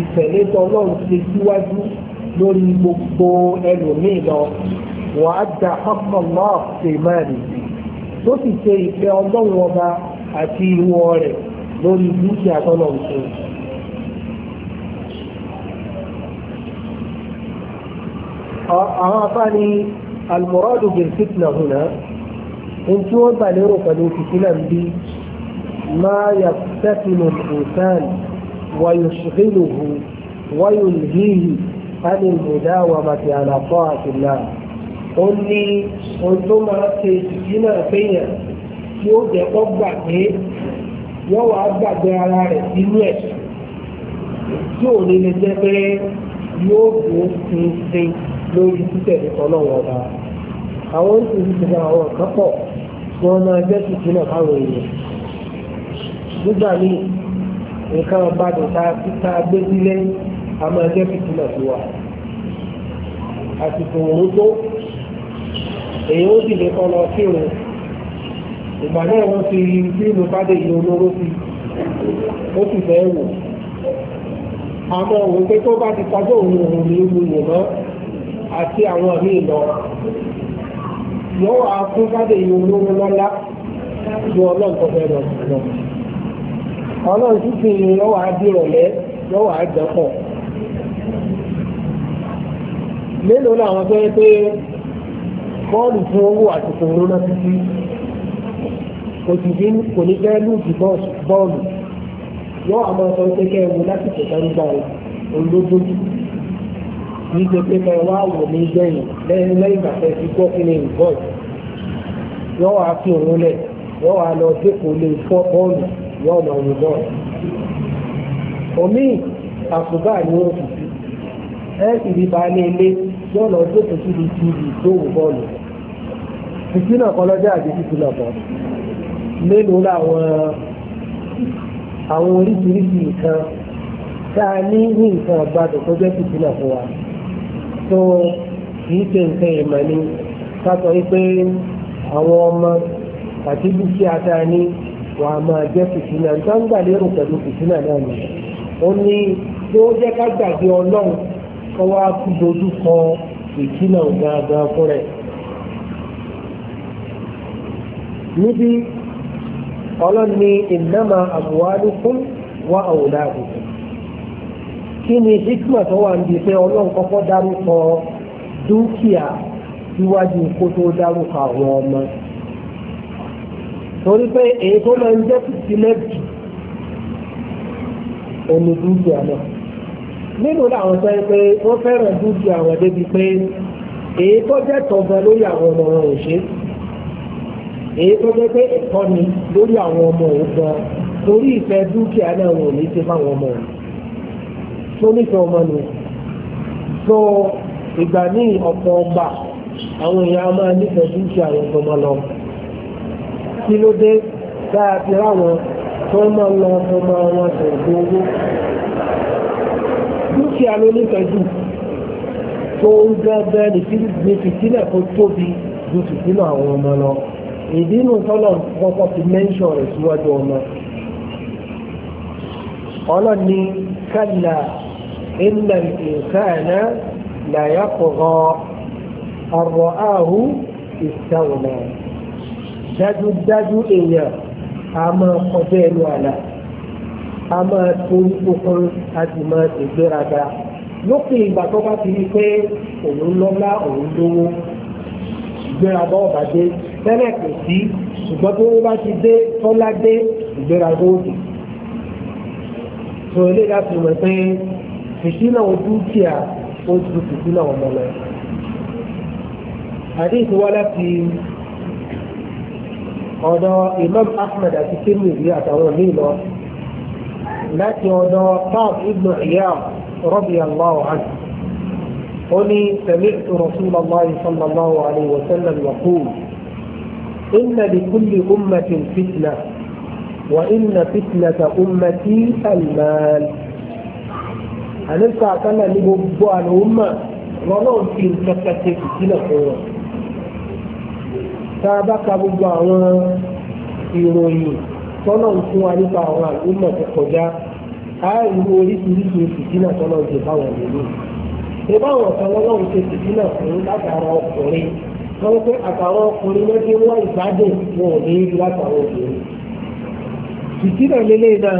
ìtẹ̀lé tọlọ́run ṣe síwájú lórí gbogbo ẹlòmíì lọ wọ́n á da ọkọ̀ náà ṣe máa rè sí tó sì ṣe ìfẹ́ ọlọ́run ọba àti ìwọ rẹ̀ lórí dúkìá tọlọ́run ṣe. àwọn afáàní almuradu bil fitna huna in tí wọ́n gbà lérò pẹ̀lú fìtínà ń máa yà sẹ́fìnù ìsàn ويشغله ويلهيه عن المداومة على طاعة الله ó ní ohun tó máa ṣe ìdí náà fẹ́yàn tí ó jẹ́ kó gbàgbé yóò wá gbàgbé ara rẹ̀ sínú ẹ̀ tí ò ní lè jẹ́ pé yóò dùn sínsìn lórí títẹ̀lé ọlọ́wọ́ ọba àwọn oríṣiríṣi àwọn nǹkan pọ̀ tí wọ́n máa jẹ́ ìdí náà fáwọn èèyàn nígbà míì nǹkan ọ̀bàdàn tá a fi tá a gbé sílé a máa jẹ́ fìtìmọ̀ sí wa àsìkò òun tó èyí ó sì lè kọ́ lọ sí òun ìgbà náà wọ́n fi fíìmù bádé yìí olóró sí ó sì fẹ́ wò àmọ́ òun pé tó bá ti pàjọ́ òun òun ní ìlú yòmọ́ àti àwọn míì lọ yọ́wọ́ àfún bádé yìí olóró lọ́lá ju ọlọ́ǹkọ́ lọ sí lọ. ọlọ́run títí lọ́wọ́ adìrọ̀lẹ́ lọ́wọ́ àjọpọ̀ mélòó làwọn fẹ́ pé bọ́ọ̀lù fún owó àti kòró náà títí kò sì bí kò ní fẹ́ lùkì bọ́ọ̀lù láti tẹ̀sán nígbà kì í ṣe pé wá wò ní gbẹ̀yìn lẹ́yìn lẹ́yìn bàtẹ́ ti gbọ́ kí ni ìbọ̀ọ̀lù wá fi òun lẹ̀ wá lọ dépò lè yóò máa wù bọ́ọ̀lù omi àfùbá ni ó fi ẹ ìdí bá ní ilé yóò lọ sí òkú síbi tíìbì tó wù bọ́ọ̀lù títí náà kọ́ àti títí náà mélòó làwọn àwọn oríṣiríṣi nǹkan tá a ní ní nǹkan àgbàdo tó jẹ́ títí náà fún wa tó kì í ṣe nǹkan ni sọ pé àwọn ọmọ àti dúkìá tá a wà á máa jẹ́ fìtínà gbangba lérò pẹ̀lú fìtínà náà ni ó ní tí ó jẹ́ ká gbàgbé ọlọ́run kọ́ wá dojú kọ fìtínà gangan fún rẹ̀. níbi ọlọ́run ní ìnáma àbúwádùkún wá àwòrán àbùkù kí ni hikma tó wà níbi pé ọlọ́run kọ́kọ́ dárúkọ dúkìá síwájú kó tó dárúkọ àwọn ọmọ. torí pé èyí tó máa ń jẹ́ tìtìlẹ̀ jù òní dúkìá náà nínú làwọn sọ wọ́n fẹ́ràn dúkìá wọn àwọn ọmọ wọn ò èyí tó jẹ́ pé lórí àwọn ọmọ òun gan torí ìfẹ́ dúkìá ní ṣe so àwọn èèyàn kí ló dé dáadé ráwọn tó máa ń lọ ọmọ wọn ṣẹ̀gbọ́n owó dúkìá ló nífẹ̀ẹ́ jù tó ń gẹ́gẹ́ ní fìtílẹ̀ tó tóbi ju fìtílẹ̀ àwọn ọmọ lọ ìdí inú tọ́lọ̀ kọ́kọ́ ti mẹ́ńṣọ̀ rẹ̀ síwájú ọmọ ọlọ́ni kálá ilẹ̀ ìkáàná làyàkọ̀ọ́ ọ̀rọ̀ áhù ìsáwọ̀nà dájúdájú èèyàn a máa kọjá ẹnu àlà a máa torí kókún a sì máa ṣègbéraga lópin ìgbà tó bá ti rí pé òun lọ́lá òun lówó ìgbéraga ọ̀bà dé tẹ́lẹ̀ kò sí ṣùgbọ́n tó bá ti dé tọ́lá dé ìgbéraga òdì sọ ilé láti mọ̀ pé fìtínà dúkìá ó ju fìtínà ọmọ lọ. àdéhùn wá láti ọ̀dọ̀ imam ahmed àti tirmidhi àtàwọn míì lọ láti ọ̀dọ̀ taab ibn rọbì radiyallahu àn ó ní sẹmí sami'tu rasulallahi sallallahu alayhi wa sallam yaqul إن لكل أمة فتنة وإن فتنة أمتي المال هنرجع كلا لبعض الأمة ولو في الكفة fún wọn. tá a bá ka gbogbo àwọn ìròyìn tọ́nà ń fún wa nípa àwọn àlùmọ̀ tó kọjá a rí oríṣiríṣi fìtínà tọ́nà ń ṣe báwọn ìlú. ṣé báwọn kan lọ́wọ́n ṣe fìtínà fún látara ọkùnrin wọ́n pé àtàwọn ọkùnrin lọ́dí wọ́n ìgbádùn wọn ò ní rí látàwọn obìnrin. fìtínà lélẹ̀ náà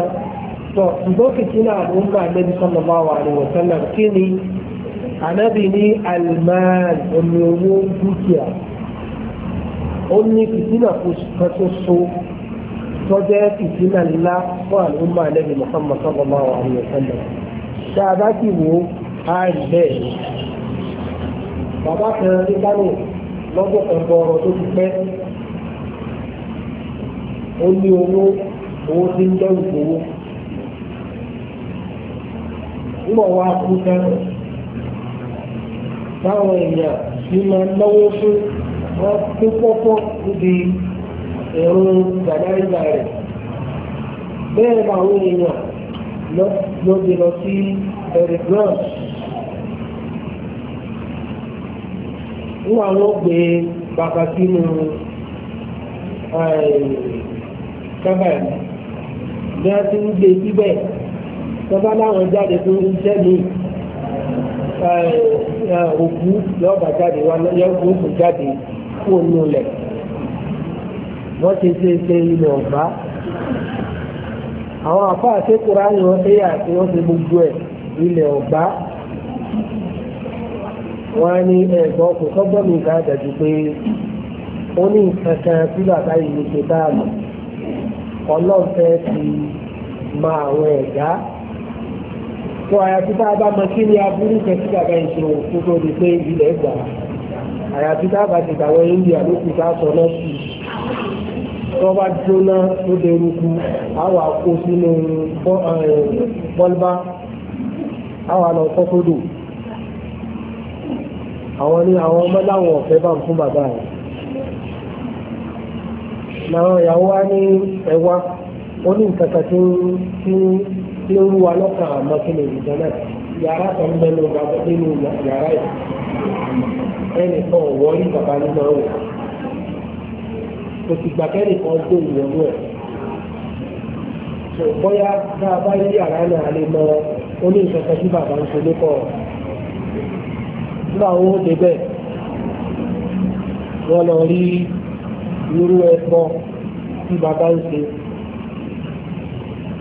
tọ̀ ṣùgbọ́n fìtínà àwọn ọmọ àlẹ́bí sọ́nà bá wà ní kí ni ní àlùmáàlì ó ní fìtínà kan tó so tọ́jẹ́ fìtínà ńlá fún àlùmọ́ àlẹ́bí Muhammad sallallahu alaihi wasallam a bá sì wò rí bẹ́ẹ̀ ni. bàbá kan ní kánò lọ́jọ́ kan tó ti pẹ́ ó ní owó owó tí ń dẹ́rù owó kú táwọn èèyàn wọ́n tó pọ́pọ́ níbi ẹ̀rọ gbàdáńgbà rẹ̀ bẹ́ẹ̀ làwọn èèyàn lọ́dẹ lọ sí ẹ̀rẹ̀ ground wọ́n àwọn gbé bàbá sínú kábàáyì bí wọ́n ti ń gbé síbẹ̀ tọ́ba láwọn jáde tó ń jẹ́ mi òkú lọ́ọ̀bà jáde wá lọ́ọ̀bà jáde kú ònú lẹ̀ wọ́n ti ṣe ṣe ilẹ̀ ọ̀gbá àwọn àfa àṣekúra ni wọ́n ṣe yà tí wọ́n ṣe gbogbo ẹ̀ ilẹ̀ ọ̀gbá wọ́n á ní ẹ̀gbọ́n kò sọ́gbọ́n mi ká dàbí pé ó ní nǹkan kan tí bàbá yìí ṣe báàmù ọlọ́run fẹ́ fi ma àwọn ẹ̀dá tó àyàfi bá mọ kí ni aburú kan bàbá yìí ṣe òkú tó di pé ilẹ̀ gbà á àyàfi tábà ti tàwọn india ló kù tá a sọ náà sí tó bá jóná tó dé eruku àwọn àkó sínú bọ́lbá àwọn àna kọ́kọ́dọ̀ àwọn ní àwọn ọmọ láwọn ọ̀fẹ́ bá ń fún bàbá rẹ̀ làwọn ìyàwó wa ní ẹwà ó ní nǹkan kan tí ń rú wa lọ́kàn àmọ́ kí ni ìjọ náà yàrá kan ń bẹ nínú yàrá yìí ẹnìkan ọ̀wọ́ yìí bàbá nínú ọ̀rọ̀ kò sì gbà kẹ́nìkan tó ìyẹ̀wò ẹ̀ tó bóyá bá a bá yí yàrá náà lè mọ ó ní ìṣẹ̀ṣẹ̀ tí bàbá ń ṣe lókọ̀ nígbà wo ó débẹ̀ wọ́n lọ rí irú ẹ̀kọ́ tí bàbá ń ṣe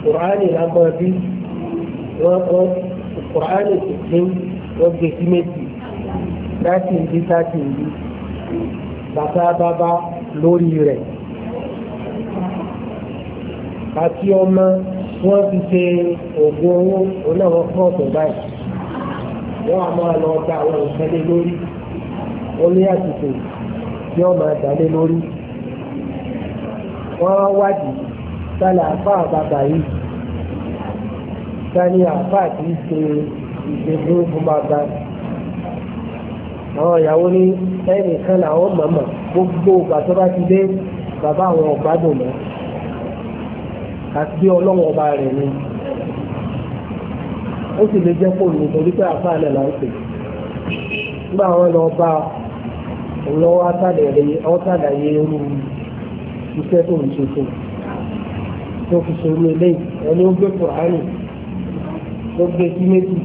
kùránì lágbọ́n bí wọ́n kọ́ kùránì tuntun wọ́n gbé sí láti ìdí láti ìdí bàtà bàbá lórí rẹ̀ àti ọmọ wọ́n ti ṣe ògùn owó onáwó kọ́ọ̀tù báyìí wọ́n á máa lọ gba àwọn nǹkan lé lórí ó ní àsìkò tí wọ́n máa dá lé lórí wọ́n á wádìí sálà àfáà bàbá yìí sani àfáà kì í ṣe ìṣègùn fún bàbá yìí àwọn ìyàwó ní ẹnì kan làwọn mọ̀mọ̀ gbogbo ìgbà tó bá ti dé bàbá àwọn ọ̀gbádùn mọ́ àti bí ọlọ́wọ́ ọba rẹ̀ ni ó sì lè jẹ́ kó ní torí pé àfáà náà là ń pè nígbà àwọn lọ bá lọ́wọ́ átàdàyé irú iṣẹ́ tó ń ṣe fún tó fi ṣòro eléyìí ẹni ó gbé kùránì ló gbé sí méjì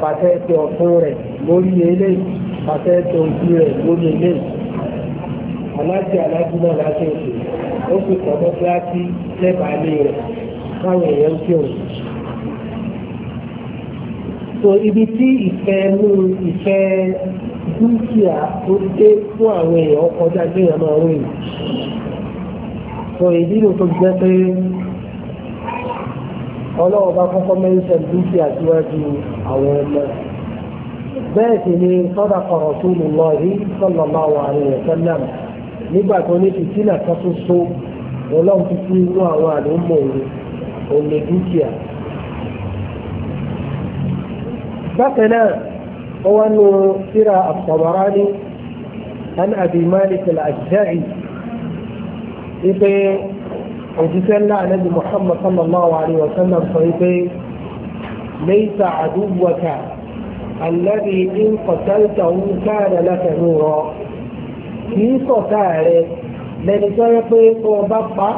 bàtẹ́ ti ọ̀tún rẹ̀ lórí ilé pàṣẹ tó ń fi rẹ̀ lórí ilé aláṣẹ aláṣẹ náà láṣẹ òṣè ó sì kọ́ mọ́ kíláàsì lẹ́bàá ilé rẹ̀ káwọn èèyàn ń kí òun. so ibi tí ìfẹ́ mú ìfẹ́ dúkìá tó dé fún àwọn èèyàn kọjá gbéyàn máa ń rìn so èyí ló tó jẹ́ pé ọlọ́wọ́ bá kọ́kọ́ mẹ́rin sẹ́ni dúkìá síwájú àwọn ọmọ. بيته صدق رسول الله صلى الله عليه وسلم نبقى كوني في سنة تصو ولو في سنة وعن أمه ونجوكيا بقنا هو أنه سرى الطبراني عن أبي مالك الأجزاعي إيه وجسر الله نبي محمد صلى الله عليه وسلم صحيح ليس عدوك الذي إن قتلته كان لك نورا kìí sọ̀tà rẹ lẹni tó yẹ pé kó o bá pa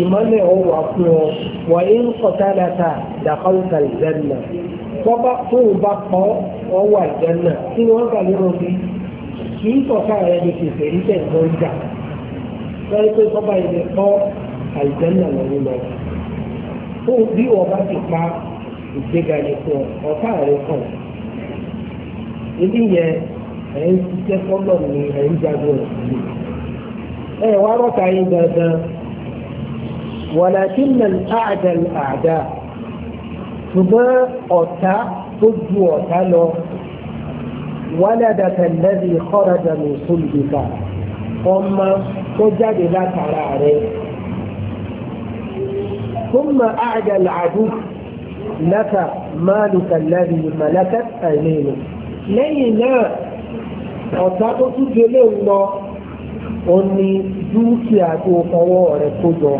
ìmọ́lẹ̀ ò wà fún ọ wà ń sọ̀tà lẹ́ta dàkọ́lùkà ìjẹ́nà tó o bá kọ́ ọ wà ìjẹ́nà kí ni wọ́n gbà lérò bí kìí sọ̀tà rẹ ni kì í fẹ́ ní tẹ̀gbọ́n jà lọ́yẹ́ pé kọ́ba ilẹ̀ kọ́ àìjẹ́nà lọ́wọ́ lọ. fún bí wọ́n bá ti pa ìgbéga ni fún ọ ọ̀tá rẹ kàn. 一夜，哎，直接轰动你人家的实力。哎，我我讲一个的，我来听人爱的爱的，除非我他不住我他咯。ولدك الذي خرج من صلبك ثم تجد لك على عليه ثم أعدى العدو لك مالك الذي ملكت أيمينك lẹ́yìn náà ọ̀tá tó tún délé ń lọ ó ní dúkìá tó fọwọ́ rẹ̀ kó jọ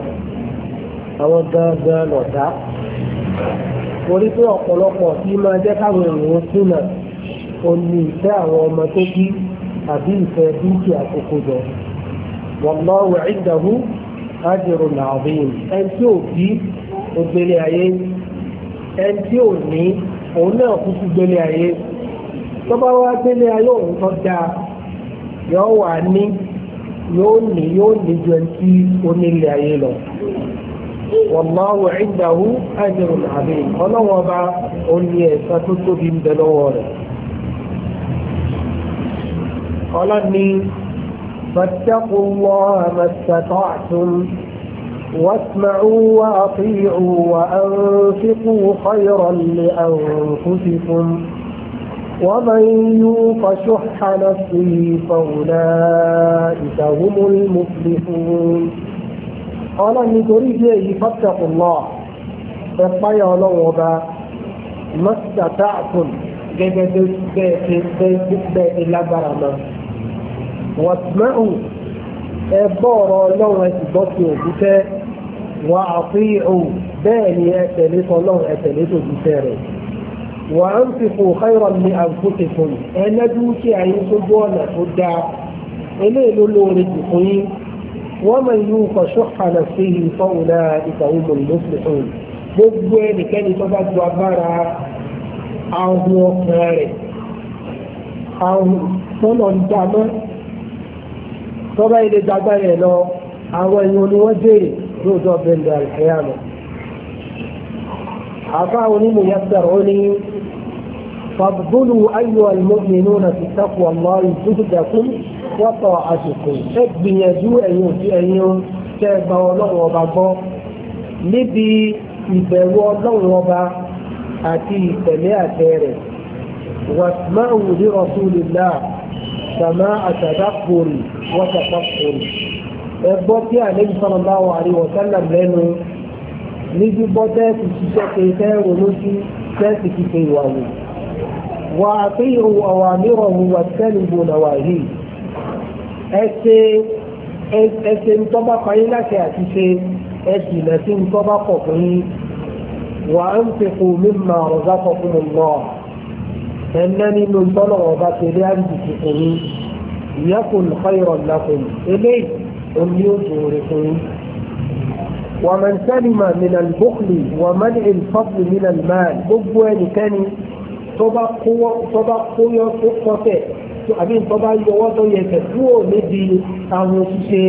àwọn gangan lọ̀dá torí pé ọ̀pọ̀lọpọ̀ tí máa jẹ́ káwọn èèyàn súnà ó ní ìfẹ́ àwọn ọmọ tó bí àbí ìfẹ́ dúkìá tó kó jọ wallahu indahu ajrun azim ẹni tí ò bí ó ayé ẹni tí ò ní òun náà kúkú gbélé ayé. tó bá wá délé ayé òun tó àbí ọlọ́wọ́ba òní ẹ̀ka yóò wà ní yóò ní yóò ní ju ẹni tí ó nílé ayé lọ wàláwù ìdáwù àjẹrò àbí ọlọ́wọ́ ọba òní eka tó tóbi ń bẹ lọ́wọ́ rẹ̀ ọlọ́ni فاتقوا الله ما استطعتم واسمعوا وأطيعوا وأنفقوا خيرا لأنفسكم ومن يوق شح نفسه فأولئك هم المفلحون قال أن تريد أي فاتقوا الله فاتقوا الله وبا ما استطعتم lágbára wàtmáhù ẹgbọ́ ọ̀rọ̀ ọlọ́run ẹ̀sì gbọ́ sí òbútẹ́ wà àfihàn bẹ́ẹ̀ ni ẹ̀tẹ̀lé tọ́lọ́run ẹ̀tẹ̀lé tòbútẹ́ rẹ̀ وأنفقوا خيرا لأنفسكم أنا دوكي عن سجونا فدا إليه لولوري بقين ومن يوق شح نفسه فأولئك هم المفلحون gbogbo ẹnikẹ́ni tó bá ju agbára ahun ọkàn rẹ̀ ahun tọ́nà ń dáná tọ́ba ilé dàgbà rẹ̀ lọ àwọn ẹ̀yìn oníwọ́n jèrè lóòótọ́ bẹ́ẹ̀ ní àlùfẹ́ àná. àbá onímọ̀ yàtọ̀ ó ní فابذلوا أيها المؤمنون في تقوى الله جهدكم وطاعتكم ẹgbìyànjú ẹ̀yin òfin ẹ̀yin tẹ́gbà ọlọ́run ọba gbọ́ níbi ìbẹ̀rù ọlọ́run ọba àti ìtẹ̀lé àtẹ rẹ̀ واسمعوا لرسول الله سماع تذكر وتفكر ẹgbọ́ tí àlejò sallallahu alaihi wa sallam lẹ́nu ní gbígbọ́ tẹ́ẹ̀sì ṣiṣẹ́ pé tẹ́ẹ̀ ronú sí tẹ́ẹ̀sì kíkẹ́ ìwà wò. وأطيعوا أوامره واجتنبوا نواهيه ẹsẹ̀ ń tọ́ba kan yín láti àti ṣe ẹsẹ̀ ìlẹ̀ sí ń tọ́ba kọ̀ fún yín wà á ń fipò mímọ ọ̀gá kọ̀ fún mi lọ ẹ̀mẹ́ nínú tọ́lọ̀ ọ̀gá tẹ̀lé àdìsí fún yín ìyẹ́kùn kọ́yọ̀ lákùn eléyìí omi ó dùn fún yín. ومن سلم من البخل ومنع الفضل gbogbo ẹnikẹ́ni tọ́ba kówọ́ tọ́ba kóyọ́ tó kọ́tẹ̀ àbí tọ́ba yọwọ́ tó yẹ tẹ̀ kúrò níbi àwọn ṣíṣe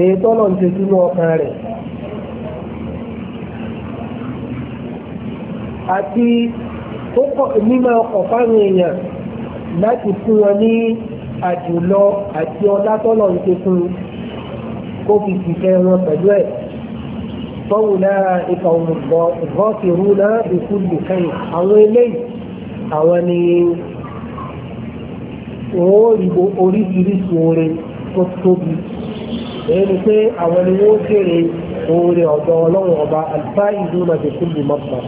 èyí tọ́lọ̀ ń ṣe sínú ọkàn rẹ̀. àti tó kọ́ mímọ̀ ọkọ̀ fáwọn èèyàn láti fún wọn ní àjùlọ àti ọlá tọ́lọ̀ ń ṣe fún kó fi ṣiṣẹ́ wọn pẹ̀lú ẹ̀. فأولئك هم الغافرون بكل خير أو إليه àwọn ni wọ́n ìbò oríṣiríṣi oore tó tóbi èyí ni pé àwọn ni wọ́n kéré oore ọ̀dọ̀ ọlọ́run ọba àlùfáà ìlú màjèkú lè má bà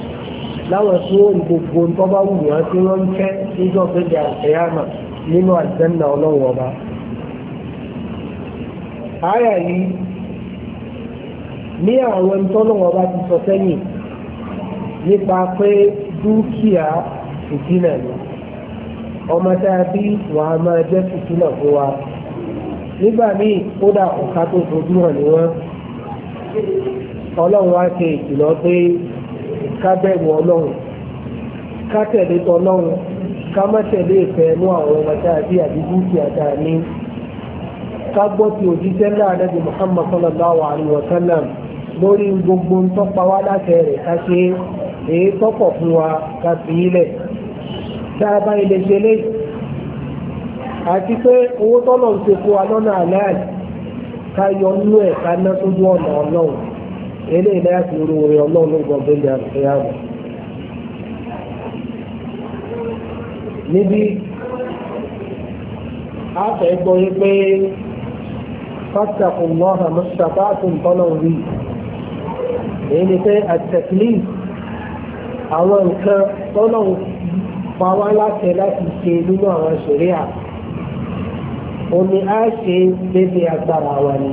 láwọn tí wọ́n gbogbo tó bá wù wọ́n tí wọ́n ń fẹ́ níjọ́ gbẹ́gbẹ́ àṣeyàmà nínú àjẹ́nà ọlọ́run ọba. àyà yìí ní àwọn tọ́lọ́run ọba ti sọ sẹ́yìn nípa pé dúkìá fìtínà ni ọmọ tá a bí wàá máa jẹ́ fún wa nígbà míì kódà ọ̀ka tó fojú hàn ni wọ́n ọlọ́run wá ṣe ìkìlọ̀ pé ọlọ́run ká tẹ̀lé tọlọ́run ká má tẹ̀lé ìfẹ́ àwọn ọmọ a bí àbí dúkìá a ní ká gbọ́ ti òjíṣẹ́ ńlá àdájọ́ Muhammad sallallahu alaihi wa sallam lórí gbogbo ń tọ́pa wá rẹ̀ ká ṣe èyí tọ́pọ̀ fún wa ká fi sáábà ilé ṣẹlẹ̀ àti pé owó tọ́lọ̀ ń ṣe fún wa lọ́nà aláàlì ká yọ nínú ẹ̀ ká ná sójú ọ̀nà ọlọ́run eléyìí náà ti ru orin ọlọ́run ló gbọ́n bẹ́ẹ̀ lẹ́yìn àti ìyá rẹ̀. níbi a fẹ́ gbọ́ yí pé fásitì lọ́hà mọ́sàkà rí èyí ni pé àtẹ̀kílì àwọn nǹkan tọ́lọ̀ ń pa wá láṣẹ láti ṣe nínú àwọn ṣẹ̀ríà ó ní á ṣe lébi agbára wa ni.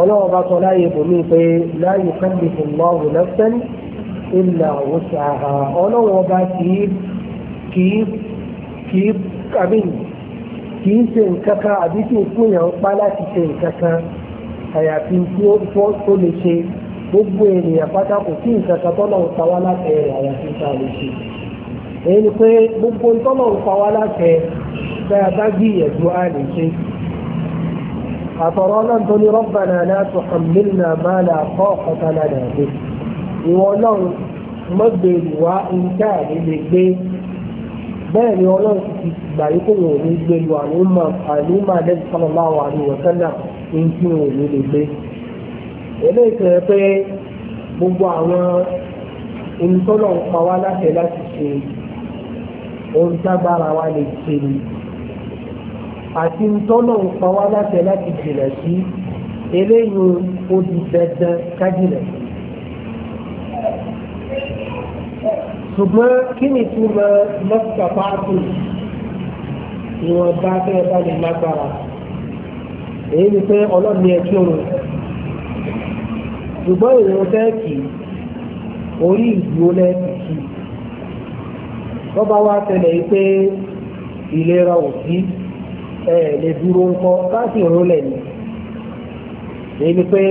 ọlọ́wọ́ bá sọ láyé bòmí pé la yukallifu Allahu nafsan illa wus'aha ọlọ́wọ́ bá kì í kì í kì í kàbí kì í ṣe nǹkan kan àbí kì í fún pa láti ṣe nǹkan kan àyàfi tí ó lè ṣe gbogbo ènìyàn pátá kò sí nǹkan kan tọ́lọ̀ ń pawá láti ẹ̀rẹ̀ àwọn tí ń ta lè ṣe èyí ni pé gbogbo tọ́lọ̀ ń pawá láti bá a bá gbìyànjú á lè ṣe àtọ̀rọ̀ náà tó ní rabbana la tuhammilna ma la taqata lana bihi ìwọ náà mọ́gbèrè e wá nǹkan àlè lè gbé bẹ́ẹ̀ ni ọlọ́run ti gbà yí kó wọn ò ní gbé lu àlùmọ́ àlùmọ́ eléyìí kan pé gbogbo àwọn olùtọ́lọ̀ ń pa wá láṣẹ láti ṣe ohun tágbára wa lè ṣe ni àti ntọ́lọ̀ ń pa wá láṣẹ láti jìnà sí eléyìí ó di dandan ká jìnà sí. ṣùgbọ́n kí ni túmọ̀ mọ́tàpáàtì ìwọ̀nba bẹ́ẹ̀ bá lè lágbára èyí ni pé ọlọ́run ni kí òun ṣùgbọ́n ìrìn fẹ́ kì í orí ìdúró lẹ́ẹ̀kì kì í tó bá wá tẹ̀lé pé ìlera ò sí ẹ lè dúró ńkọ káàsì òun lẹ̀ ní èyí ni pé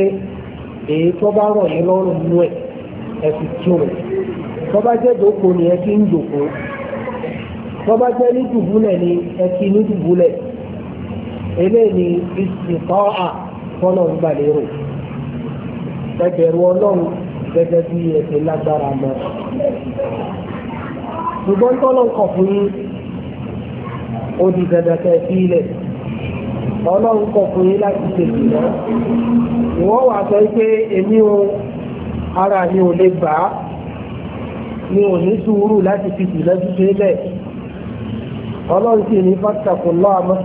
èyí tó bá rọ̀ yín lọ́rùn nú ẹ̀ ẹ fi kí òun tó bá jẹ́ dòkó ni ẹ fi ń dòkó tó bá jẹ́ ní dùbúlẹ̀ ni ẹ fi ní dùbúlẹ̀ eléyìí ni ìsìnkọ́ à fọ́nà ń gbà ẹbẹ̀rù ọlọ́run gẹ́gẹ́ bí ẹ̀sẹ̀ lágbára mọ́. ṣùgbọ́n tọ́lọ̀ kọ̀ fún yín ó di dandan kẹ́ sí ilẹ̀ ọlọ́run kọ̀ fún yín láti ìwọ́n o ara mi ò lè gbà á mi ò ní sùúrù láti fi ìlẹ́jú ṣe bẹ́ẹ̀ ọlọ́run sì ní fásitì kò lọ́ àmọ́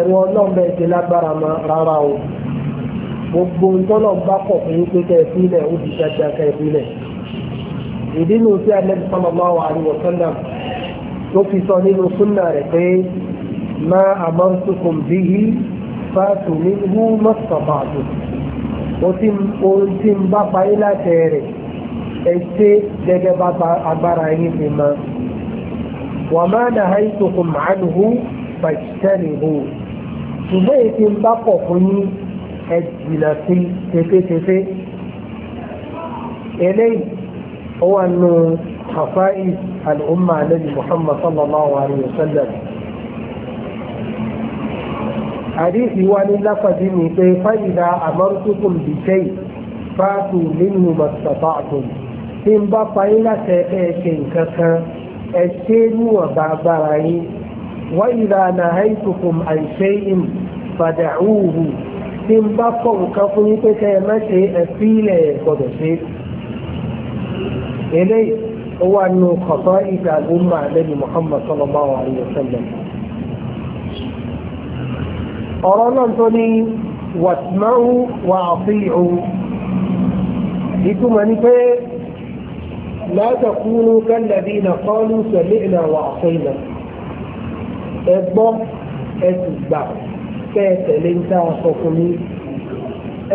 ọlọ́run bẹ́ẹ̀ ṣe lágbára mọ́ rárá gbogbo ntọ́nà bá kọ̀ fún yín pé kẹ́ ẹ sílẹ̀ ó di dáadáa kẹ́ ẹ sílẹ̀ ìdí nu sí Ànábì sallallahu alaihi wasallam tó fi sọ nínú súnà rẹ̀ pé ma amartukum bihi fatu minhu mastata'tu ohun tí ń bá parí láti rẹ̀ ẹ ṣe gẹ́gẹ́ bá agbára yín fi mọ́ wa ma nahaytukum anhu fajtanibuhu ṣùgbọ́n èyí tí ń bá kọ̀ fún yín ẹ jìnnà sí tefetefe eléyìí ó wà nù hafa'i al'umma nabi muhammad sallallahu alayhi wa sallam àdìsí wa ní láfàdí ni pé fa'ida amartukum bi shay fatu minhu mastata'tum tí n bá parí láti ẹ ṣe nǹkan kan ẹ ṣe níwọ̀n bá bára yín wa idha nahaytukum an bí n bá kọ̀ nǹkan fún yín pé kẹ́ ẹ má ṣe ẹ̀fí ilẹ̀ gbọ́dọ̀ ṣe. eléyìí ó wà nù kọ̀tọ́ ìgbà àgùnmà lẹ́nu Muhammad sallallahu alaihi wasallam. ọ̀rọ̀ náà tó ní wàtmáwù wà àfihù ìtumọ̀ ni pé لا تكونوا كالذين قالوا سمعنا وعصينا. ẹ gbọ́ ẹ sì gbà kẹ́ ẹ tẹ̀lé ń dá ọkọ̀ fún mi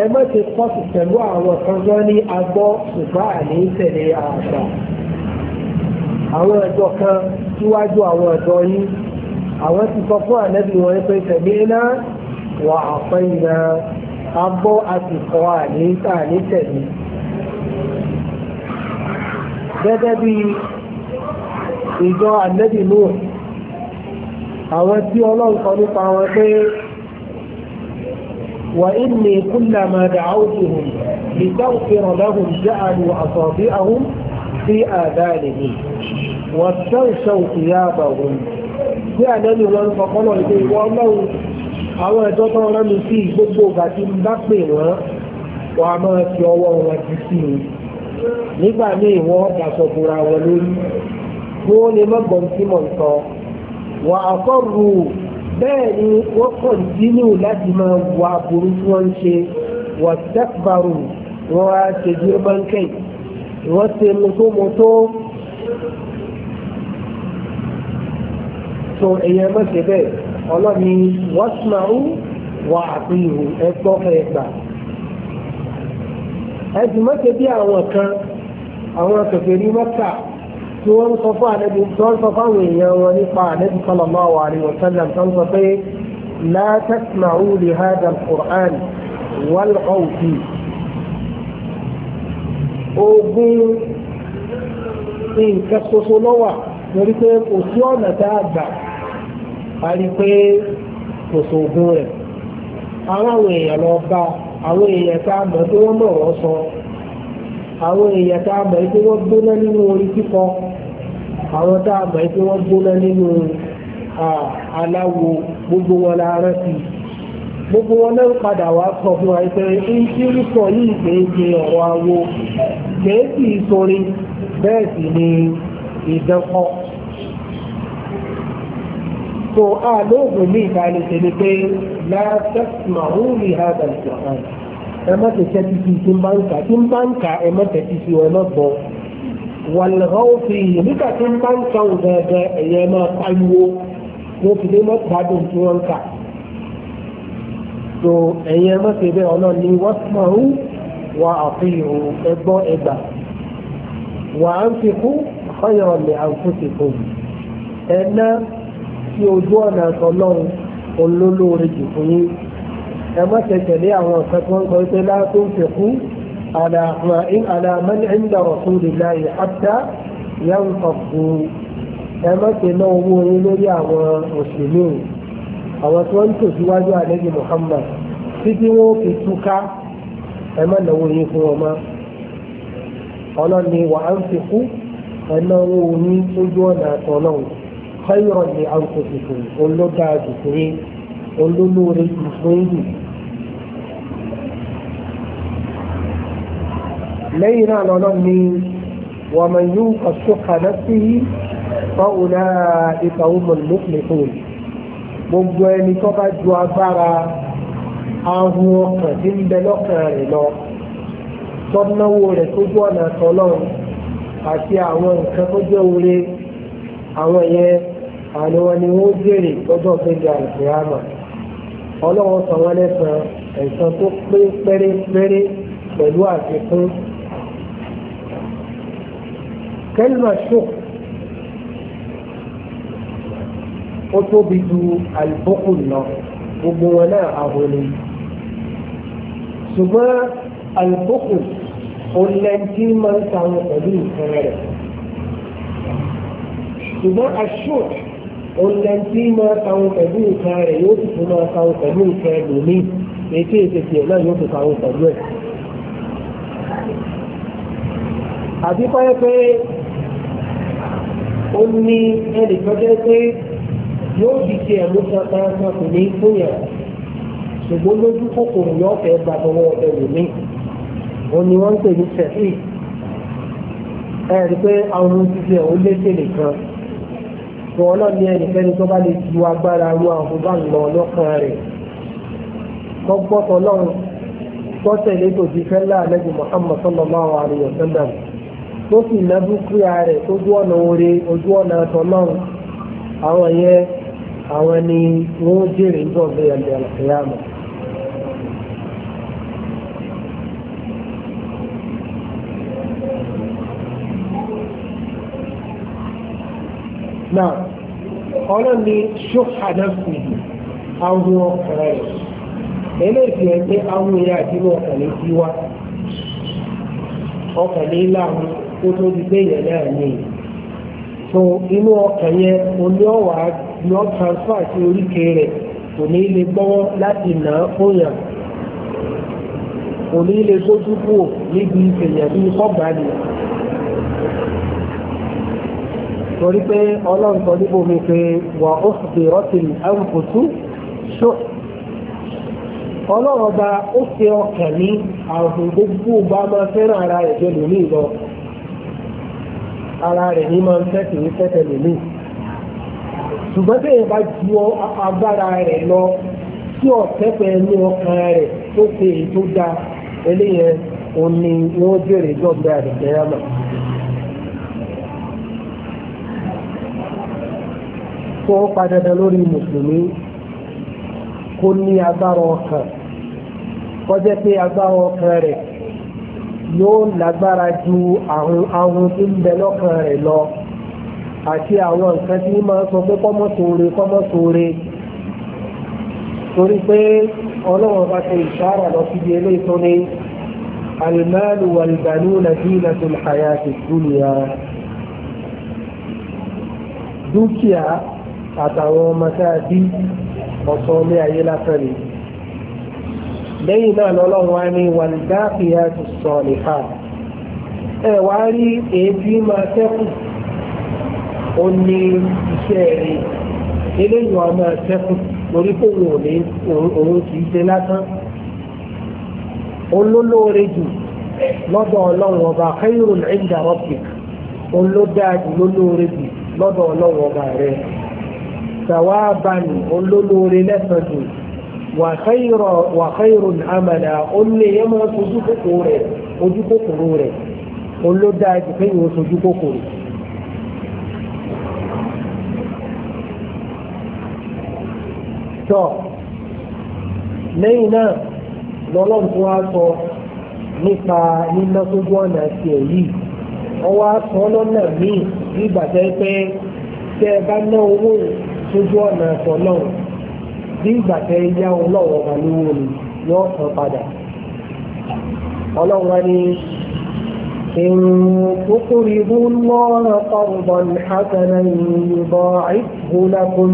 ẹ má ti kọ́sì pẹ̀lú àwọn kan gan ní agbọ́ ṣùgbọ́n àní tẹ̀lé àgbà àwọn ẹ̀dọ́ kan síwájú àwọn ẹ̀dọ́ yín àwọn ti sọ fún ànẹ́bí wọn pé tẹ̀lé náà wà àpẹ́yìn náà agbọ́ àti kọ́ àní àní tẹ̀lé gẹ́gẹ́ bí ìjọ ànẹ́bí náà àwọn tí ọlọ́run sọ nípa wọn pé وإني كلما دعوتهم لتغفر لهم جعلوا أصابعهم في آذانهم واستغشوا ثيابهم يعني wọn fọkànlọ ìpé ìwọ ọlọ́run àwọn ẹ̀tọ́ tó rán mi sí gbogbo ìgbà tí ń bá pè wọ́n wọ́n a máa fi ọwọ́ wọn ti sí i nígbà míì wọ́n daṣọ bora wọn lórí kí wọ́n lè mọ́gbọ́n tí mò ń sọ wọ́n àkọ́rù bẹ́ẹ̀ ni wọ́n kọ̀ǹtínú láti máa wà burú tí wọ́n ń ṣe wà dákbàrù wọ́n á ṣe girman kai wọ́n ṣe mọ́tòmọ́tò tó ẹ̀yẹ mọ́ṣẹ́ bẹ́ẹ̀ ọlọ́ni wọ́n sùnmọ́rú wà àfihàn ẹgbọ́ ẹgbà ẹ̀sùn mọ́ṣẹ́ bí àwọn kan àwọn kẹfẹ́ ní mọ́ta tí wọ́n sọ fún ànábì tí wọ́n sọ fún àwọn èèyàn wọn nípa ànábì sallallahu alaihi wa sallam tó ń sọ pé la tasma'u li hadha al-Qur'an walghaw fi ogun nǹkan ṣoṣo lọ́wà lórí pé kò sí ọ̀nà tá a gbà a rí pé kò sóògùn rẹ̀ àwọn èèyàn lọ bá àwọn èèyàn tá a mọ̀ tí wọ́n mọ̀ wọ́n sọ àwọn èèyàn tá a mọ̀ pé wọ́n gbóná nínú orin kíkọ àwọn tá a mọ̀ pé wọ́n gbóná nínú aláwo gbogbo wọn la rántí gbogbo wọn náà padà wá sọ fún wa pé yìí kìí ọ̀rọ̀ awo kìí sì bẹ́ẹ̀ sì ni ìdánkọ́ so a lóògùn ní ìbánisẹ̀ ni pé la tasma'u li hadha al-Qur'an ẹ má tẹ̀sẹ̀ títí tí ń bá ń kà tí ń bá ń kà ẹ má tẹ̀sí sí ọ ẹ má gbọ́ wàlúhàó fi nígbà tí ń bá ń kà ń gẹ́gẹ́ ẹ̀yẹ máa pariwo wọ́n fi lé má gbádùn tí wọ́n kà so ẹ̀yẹ má ṣe bẹ́ẹ̀ ọ̀nà ni wọ́n máa ń wà àfihàn ẹgbọ́ ẹgbà wà á ń fi kú ọ̀yàn ọ̀lẹ̀ àǹfóṣepọ̀ ẹ̀ná tí ojú ọ̀nà àtọ̀lọ́run olólóore jù fún yín ẹ má ṣe tẹ̀lé àwọn ọ̀sán tó ń sọ pé látó ń fi kú àlàmọ́ni ẹ̀ńdà rasulillahi hatta yẹn fọ̀kù ẹ má ṣe ná owó orin lórí àwọn òṣèlú àwọn tó ń tòsíwájú àlejò Muhammad títí wọn fi túká ẹ má náwó fún ọmọ ọlọ́ni wà á ń fi kú ẹ náwó orin lójú ọ̀nà àtọ̀lọ́hùn kọ́yọ̀ ní àwọn kòtìkò olódàájú fún yín olólóore jù lẹ́yìn náà lọ́nà ni wọ́n máa yún ọ̀ṣọ́ kaná sí fọ́ọ̀nà ìfàwọ́mọ̀ lópinfún gbogbo ẹni tó bá ju agbára ahun ọkàn tí ń bẹ lọ́kàn rẹ̀ lọ tọ́náwó rẹ̀ tó gbọ́ ọ̀nà tọ́lọ́run àti àwọn nǹkan tó jẹ́ oore àwọn yẹn àwọn ni wọ́n jèrè lọ́jọ́ péjì àlùfíàmà ọlọ́wọ́ sọ wọ́n lẹ́sàn-án ẹ̀sán tó pé pérépéré pẹ̀lú àfikún كلمة شكر أتبدو البخل له وبولاء أهلي ثم البخل ọlẹ́ntì máa ń sàwọn pẹ̀lú nǹkan rẹ̀ ṣùgbọ́n ashur ọlẹ́ntì máa ń sàwọn pẹ̀lú nǹkan rẹ̀ yóò sì tún máa sàwọn pẹ̀lú nǹkan lòmí ètò ìtẹ̀tẹ̀ ẹ̀ náà yóò fi sàwọn pẹ̀lú ẹ̀. àbí pẹ́ẹ́pẹ́ ó ní ẹnìkan jẹ́ pé yóò di ti ẹ̀mú kankan kan kò ní fún yàrá ṣùgbọ́n lójú kòkòrò yóò fẹ́ gbà lọ́wọ́ ẹ̀rù mi òun ni wọ́n ń pè ní sẹ́fì ẹ̀rí pé àwọn ohun títí ẹ̀ ó léṣe nìkan ṣùgbọ́n ọlọ́run ní ẹnikẹ́ni tó bá lè ju agbára ru àwọn bá ń lọ lọ́kàn rẹ̀ tó gbọ́tọ̀ ọlọ́run tó tẹ̀lé tòjú fẹ́lá àlẹ́jù Muhammad sallallahu alaihi wasallam tó sì ná dúkìá rẹ̀ ojú ọ̀nà oore ojú ọ̀nà tọ́lọ́run àwọn yẹn àwọn ni wọ́n jèrè nígbà ọ̀gbẹ́ ẹ̀dẹ̀ àlùkìyàmù. náà ọlọ́run ni ṣókà náà fi àwọn ọkùnrin rẹ̀ eléyìí ẹ pé àwọn eré àdínú kó tó di pé èèyàn náà ní i so inú ọkàn yẹn oní ọ̀wà ni ó transfer sí oríkèé rẹ̀ kò ní lè gbọ́wọ́ láti nà á fún kò ní lè sójú kúrò níbi èèyàn bíi sọ́gbà nìyàn torí pé ọlọ́run níbo mi pé wà ó fi rọ́tì ẹ̀rùkùtù ṣó ọlọ́run ọba ó fi ọkàn ní àrùn gbogbo bá máa fẹ́ràn ara ẹ̀jẹ̀ lónìí lọ ara rẹ̀ ní máa ń fẹ́ kìí fẹ́tẹ̀ lèmi ṣùgbọ́n tí èèyàn bá ju agbára rẹ̀ lọ tí ọ̀tẹ́pẹ́ ní ọkàn rẹ̀ tó ṣe èyí tó da eléyẹn òní ni ó jèrè ìjọba àdìgbẹ́yàmà. tó ń pa dandan lórí mùsùlùmí kó ní agbára ọkàn kọjá pé agbára ọkàn rẹ̀ yóò lágbára ju àwọn ahun tí ń bẹ lọ́kàn rẹ̀ lọ àti àwọn nǹkan tí máa sọ pé kọ́mọ́sóore kọ́mọ́sóore torí pé ọlọ́run bá ṣe ìṣàrà lọ síbi eléyìí tó ní المال والبنون زينة الحياة الدنيا dúkìá àtàwọn ọmọ tá bí ọ̀sán ilé ayé lásán lẹ́yìn náà lọ́lọ́run wá ní wàlìdáàfíà ti sọ nìfà ẹ wá rí èébì máa tẹ́kù ó ní iṣẹ́ rẹ̀ eléyìí wọn máa tẹ́kù lórí pé òun ò ní òun kì í ṣe lásán olólóore jù lọ́dọ̀ ọlọ́run ọba khairul inda rabbik olódàájú lólóore jù lọ́dọ̀ ọlọ́run ọba rẹ̀ sàwáàbàní olólóore lẹ́sàn-án jù wa khayrun amala ó lè yẹ máa sojú kòkòrò rẹ̀ ojú kòkòrò rẹ̀ òun ló dáa jù pé ìwọ sojú kòkòrò. tọ́ lẹ́yìn náà lọ́lọ́run tó wá sọ nípa níná sójú ọ̀nà àti èyí ọwọ́ sọ lọ́nà míì bí tẹ́ pé tẹ́ ẹ bá ná owó sójú ọ̀nà àtọ̀ náà. bí ìgbà tẹ yá ọlọ́wọ́ ọba lówó ni yóò san padà ọlọ́wọ́ ni إن تقرضوا الله قرضا حسنا يضاعفه لكم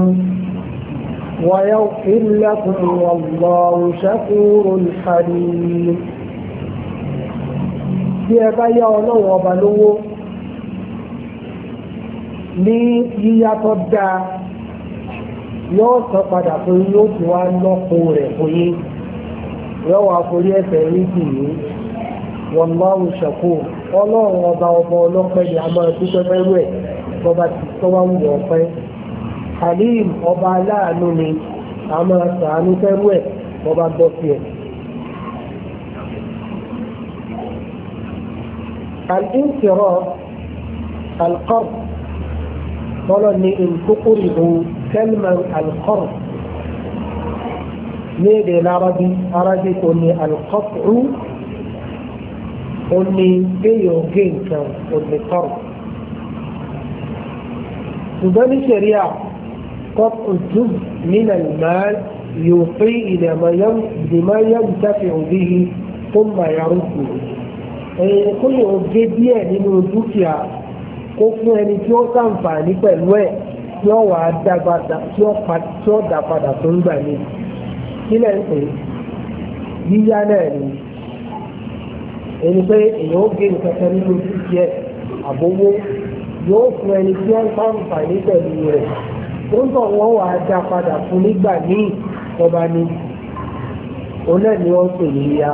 ويغفر لكم والله شكور حليم bí ẹ bá yá ọlọ́wọ́ ọba lówó ní yíyá tó dáa yóò san padà fún yín yóò ti wá lọ́kọ rẹ̀ fún yín yóò wá forí ẹ̀fẹ̀ rí bì yín wọn bá wù ṣàkó ọlọ́run ọba ọba ọlọ́pẹ́ ni a máa dúpẹ́ fẹ́rù ẹ̀ tọ́ba ti tọ́ba wù ọpẹ́ halim ọba aláàánú ni a máa sàánú fẹ́rù ẹ̀ tọ́ba gbọ́ sí ẹ̀. الانفراد القرض قال ان كقرضوا كلمة القرض léde lárabí arábí kò ní alùpàpù ó ní kéèyàn gé nǹkan ò ní kọrù ṣùgbọ́n ní sẹ̀ríà kọ́pù jù nínú ìmáà yóò pé ìdìmọ̀ yẹn dáfẹ́ òbí yìí tó mà yàrá kù ẹ̀yìn kó yóò gé díẹ̀ nínú dúkìá kó fún ẹni tí ó ṣàǹfààní pẹ̀lú ẹ̀ tí ó wà á dágbada tí ó dà padà tó ń gbà ní kílẹ̀ ń pè yíyá náà ni ẹni pé èèyàn ó gé nǹkan kan nínú títí ẹ àbówó yóò fún ẹni tí ó ń pàǹfààní pẹ̀lú rẹ̀ ó ń tọ̀ wọ́n wà á dá padà fún nígbà míì tó ní òun náà ni wọ́n pè yíyá.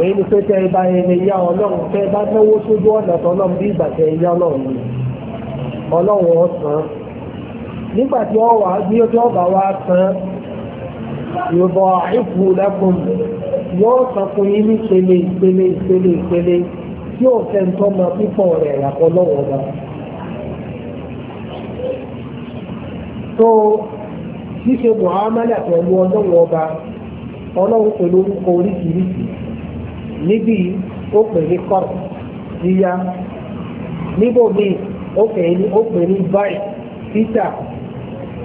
èyí ni pé tẹ́ ẹ bá ẹni yá ọlọ́run tẹ́ ẹ bá náwó sójú ọ̀nà tọ́lọ́run bí ìgbà tẹ́ ẹ ọlọ́run ni ọlọ́run ọ̀sán nígbà tí wọ́n wà bí ó tí wọ́n bá wá san yorùbá ìfù lẹ́kùn yóò san fún yín ní ìpele ìpele ìpele ìpele tí ò fẹ́ ń tọ́mọ pípọ̀ rẹ̀ yàtọ̀ lọ́wọ́ ọba. tó ṣíṣe muhammadu àti ọlọ́run ọba ọlọ́run pẹ̀lú orúkọ oríṣiríṣi. níbí ó pè ní kọ́rọ̀ yíyá níbò míì ó pè ní ó pè ní bayi títà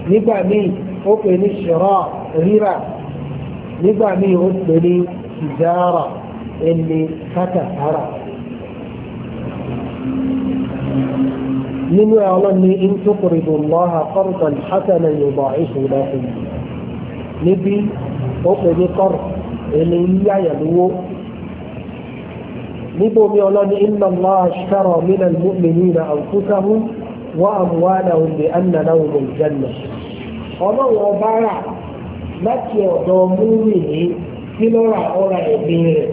nígbà míì ó pè ní ṣọ̀rọ̀ rírà nígbà míì ó pè ní ijara ẹni kátàkárà. nínú àwọn ní in ibo lọ́ha kọ́rùtà hasana yorùbá ìṣòro ẹ̀yìn níbi ó pè ní koro ẹni yíyá yàlúwó níbo mi ọlọ́ni inna Allaha ashtara mina al-mu'minina anfusahum wa amwalahum bi anna lahum al-jannah ọlọ́wọ́ bá rà láti ọ̀dọ̀ múmi ní kí ló ra ọ̀rà ẹ̀mí rẹ̀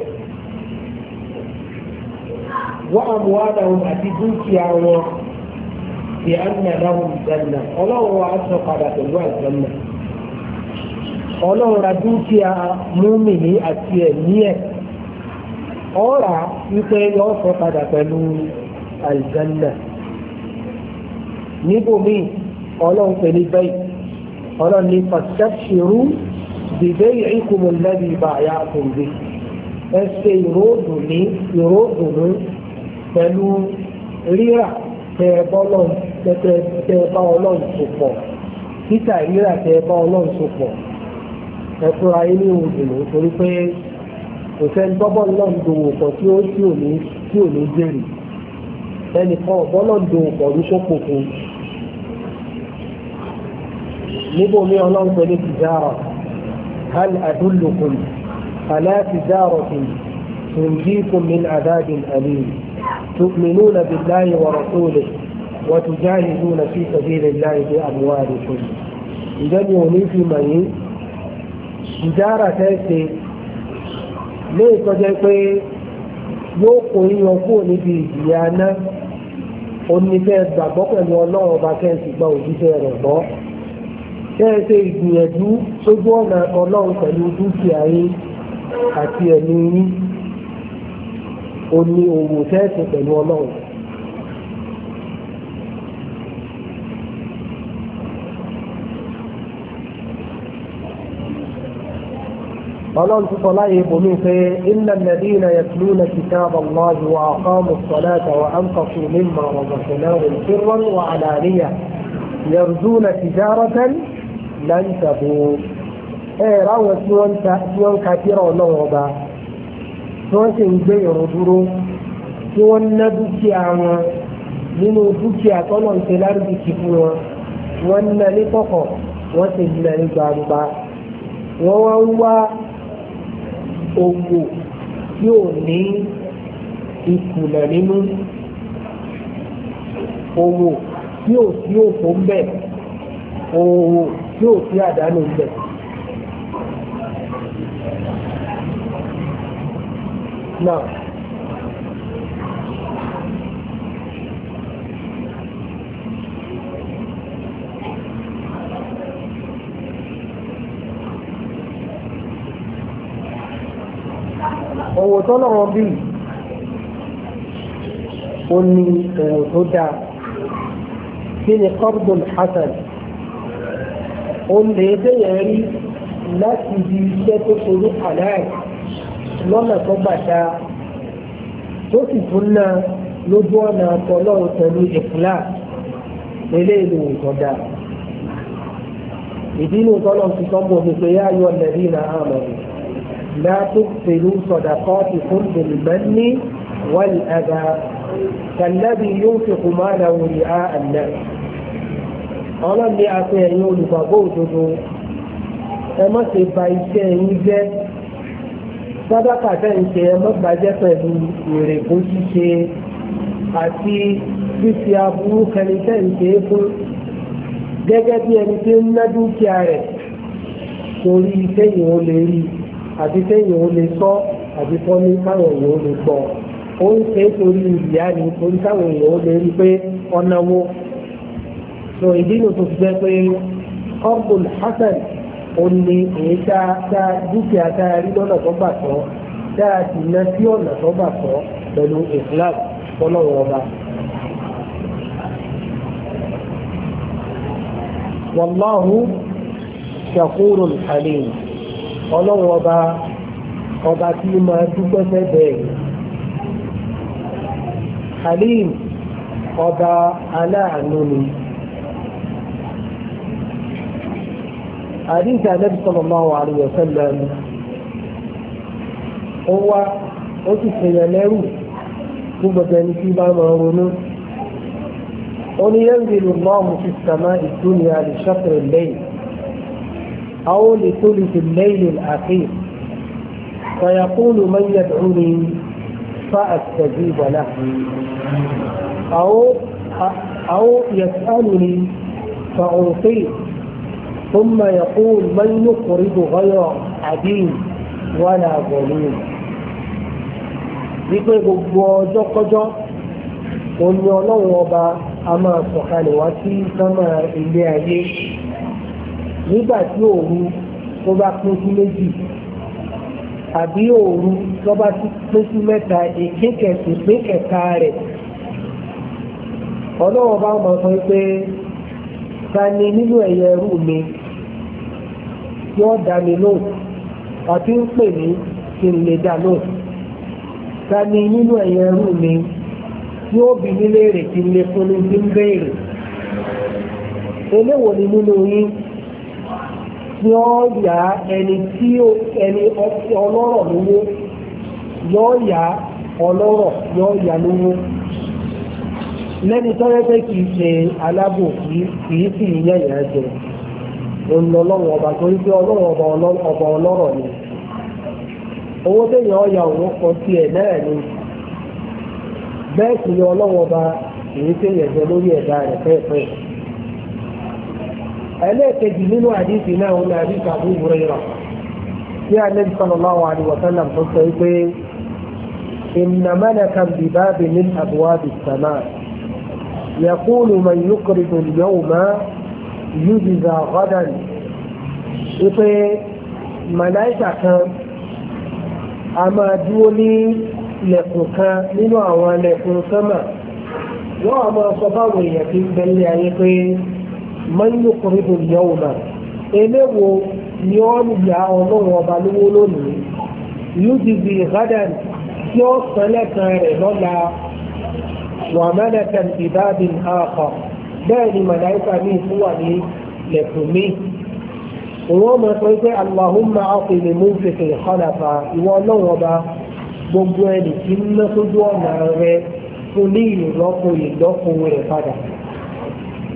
wa amwalahum àti dúkìá wọn bi anna lahum al wa sọ padà pẹ̀lú al-jannah ra dúkìá múmi ní àti ẹ̀mí ẹ̀ ọ̀rà wípé yọ sọ padà pẹ̀lú àlùjánnà níbo mi ọlọ́run pè ní bẹ́ẹ̀ ọlọ́run ní fastabshiru bibay'ikum alladhi bay'atum bihi ẹ ṣe ìròdùnú ìròdùnú pẹ̀lú rírà tẹ bá ọlọ́run so títà rírà tẹ bá ọlọ́run so ẹ fúnra yín ní ìròdùnú torí pé kò sẹ́ni tọ́bọ̀ lọ́n dòwò pọ̀ tí ó tí ò ní tí ò ní jèrè ẹnì kan ọ̀bọ́ lọ́n dòwò pọ̀ ní kókò fún níbo mi ọlọ́run pẹ̀lú tìjára hal adullukum ala tijaratin tunjikum min adabin alim تؤمنون بالله ورسوله وتجاهدون في سبيل الله بأموالكم إذا يوني في مني تجارة تأتي lóyè tó jẹ́ pé yóò kó yíyan kúrò níbi ìjìyà náà onífẹ́ gbàgbọ́ pẹ̀lú ọlọ́run ọba kẹ́sì gba òjíṣẹ́ rẹ̀ gbọ́ kẹ́sì ìgbìyànjú sójú ọ̀nà ọlọ́run pẹ̀lú dúkìá yín àti ẹ̀mí yín oní òwò kẹ́sì pẹ̀lú ọlọ́run. ọlọ́run ti sọ láyé ibòmí pé ilẹ̀ nàdínà yatluna kitab Allah wa aqamu as-salata wa anfaqu mimma razaqnahum sirran wa alaniya yarjuna tijaratan lan tabur. ẹ ráwọn tí wọ́n ń ka kíra ọlọ́run ọba tí wọ́n sì ń gbé ìrùn dúró tí wọ́n ná dúkìá wọn nínú dúkìá tọ́lọ̀ ń ṣe lárúbìkì fún wọn wọ́n ná ní kọ̀kọ̀ wọ́n sì ná ní gbangba wọ́n wá ń wá owó yóò ní ìkùnà nínú owó yóò sí òfò ń bẹ̀ owó yóò sí àdánù ń bẹ̀. Now, ẹ̀wò tọ́lọ́run bí ó ní ẹ̀wò tó dáa kí ni kọ́rbùn hasan ó lè déyẹ̀ rí láti di iṣẹ́ tó ṣorí àláì lọ́nà tó bàtà tó sì tún náà lójú ọ̀nà tọ́lọ́run pẹ̀lú ìfúlà eléyìí ló ń ìdí inú tọ́lọ́run ti sọ́gbọ́n pé yá ayọ̀ lẹ́bí náà hàn lọ́rùn. لا تبطلوا صدقاتكم بالمن والأذى كالذي ينفق ماله رئاء الناس ọlọ́run ní afẹ́ ẹ̀yin olùgbàgbọ́ òdodo ẹ má ṣe bà iṣẹ́ ẹ̀yin jẹ́ sábàkà bẹ́ẹ̀ ń ṣe ẹ má bàjẹ́ pẹ̀lú ìrèkó ṣíṣe àti fífi aburú kẹni bẹ́ẹ̀ é fún gẹ́gẹ́ bí ẹni tí ń ná dúkìá rẹ̀ torí iṣẹ́ ìwọ̀n lè rí i àti sẹ́yìn òun lè sọ àti fọ́ ní káwọn èèyàn lè gbọ́ ó ń ṣe é torí ìyá ni torí káwọn èèyàn lè rí pé ọ̀nà wo so ìdí inú tó fi jẹ́ pé ọ̀gbọ̀n hasan ó ní èyí tá a dúkìá tá a rí lọ́nà tó gbà tọ́ tá a sì ná sí ọ̀nà tó gbà tọ́ pẹ̀lú islam fọlọ́wọ́ ọba. والله شكور حليم ọlọ́run ọba ọba tí máa dúpẹ́ fẹ́bẹ̀ ọba aláàánú ni àdíjà Ànábì sallallahu alaihi wa sallam ó wá ó sì fèèyàn lẹ́rù fún gbogbo ẹni tí bá máa ronú ó ní yanzilu Allahu fi as-sama'i ad أو لثلث الليل الأخير فيقول من يدعوني فأستجيب له أو أو يسألني فأعطيه ثم يقول من يقرض غير عديم ولا ظليم wípé gbogbo ọjọ́ kọjọ́ òní ọlọ́run ọba a máa sọ̀kalẹ̀ wá sí sánmà nígbà tí òru tó bá pín sí méjì àbí òru tó bá pín sí mẹ́ta ìkékèsì pín kẹta rẹ̀ ọlọ́wọ́ bá mọ̀ sọ pé ta ni nínú ẹ̀yẹ ẹrú mi tí ó dá mi lóhùn àti ń pè mí kí n lè dá lóhùn ta ni nínú ẹ̀yẹ ẹrú mi tí ó bi mí léèrè kí n lè fún mi bí ń béèrè eléwo ni nínú yín. yóò yá ẹni tí ẹni ọlọ́rọ̀ lówó yóò ọlọ́rọ̀ yóò lówó lẹ́ni tọ́rẹ́ pé kìí ṣe alábò sì jẹ ọba torí pé ọlọ́rọ̀ ọba ọlọ́rọ̀ ni owó téèyàn ọ̀yà òun sí ẹ̀ náà ni bẹ́ẹ̀ sì ni ọba lórí ẹ̀dá rẹ̀ pẹ́ẹ́pẹ́ẹ́. ẹlẹ́ẹ̀kejì nínú àdìsí náà wọn ni àdìsí Abu Hurairah tí Ànábì sallallahu alaihi wa sallam tó sọ pé inna malakan bi babin min abwabi as-sama' yaqulu man yuqridu al-yawma yujza ghadan wípé màláìkà kan a máa dúró ní lẹ̀kùn kan nínú àwọn lẹ̀kùn sánmà wọ́n a máa sọ báwọn èèyàn fi ń bẹ́lẹ̀ ayé pé man yuqridu al-yawma eléwo ni ó ń ya ọlọ́run ọba lówó lónìí yúdìbì gádàn tí ó san lẹ́sàn rẹ̀ lọ́la wà mẹ́lẹ̀kẹ̀ ìbáàbí àkọ́ bẹ́ẹ̀ ni màláìka ní ìfúwà ní lẹ́kùn mi òun ọmọ sọ pé aláhùnmá ọkùnrin mú fèsì ìkọlàfà ìwọ ọlọ́run ọba gbogbo ẹni tí ń lọ sójú ọ̀nà rẹ fún ní ìlọ́po ìlọ́po rẹ padà.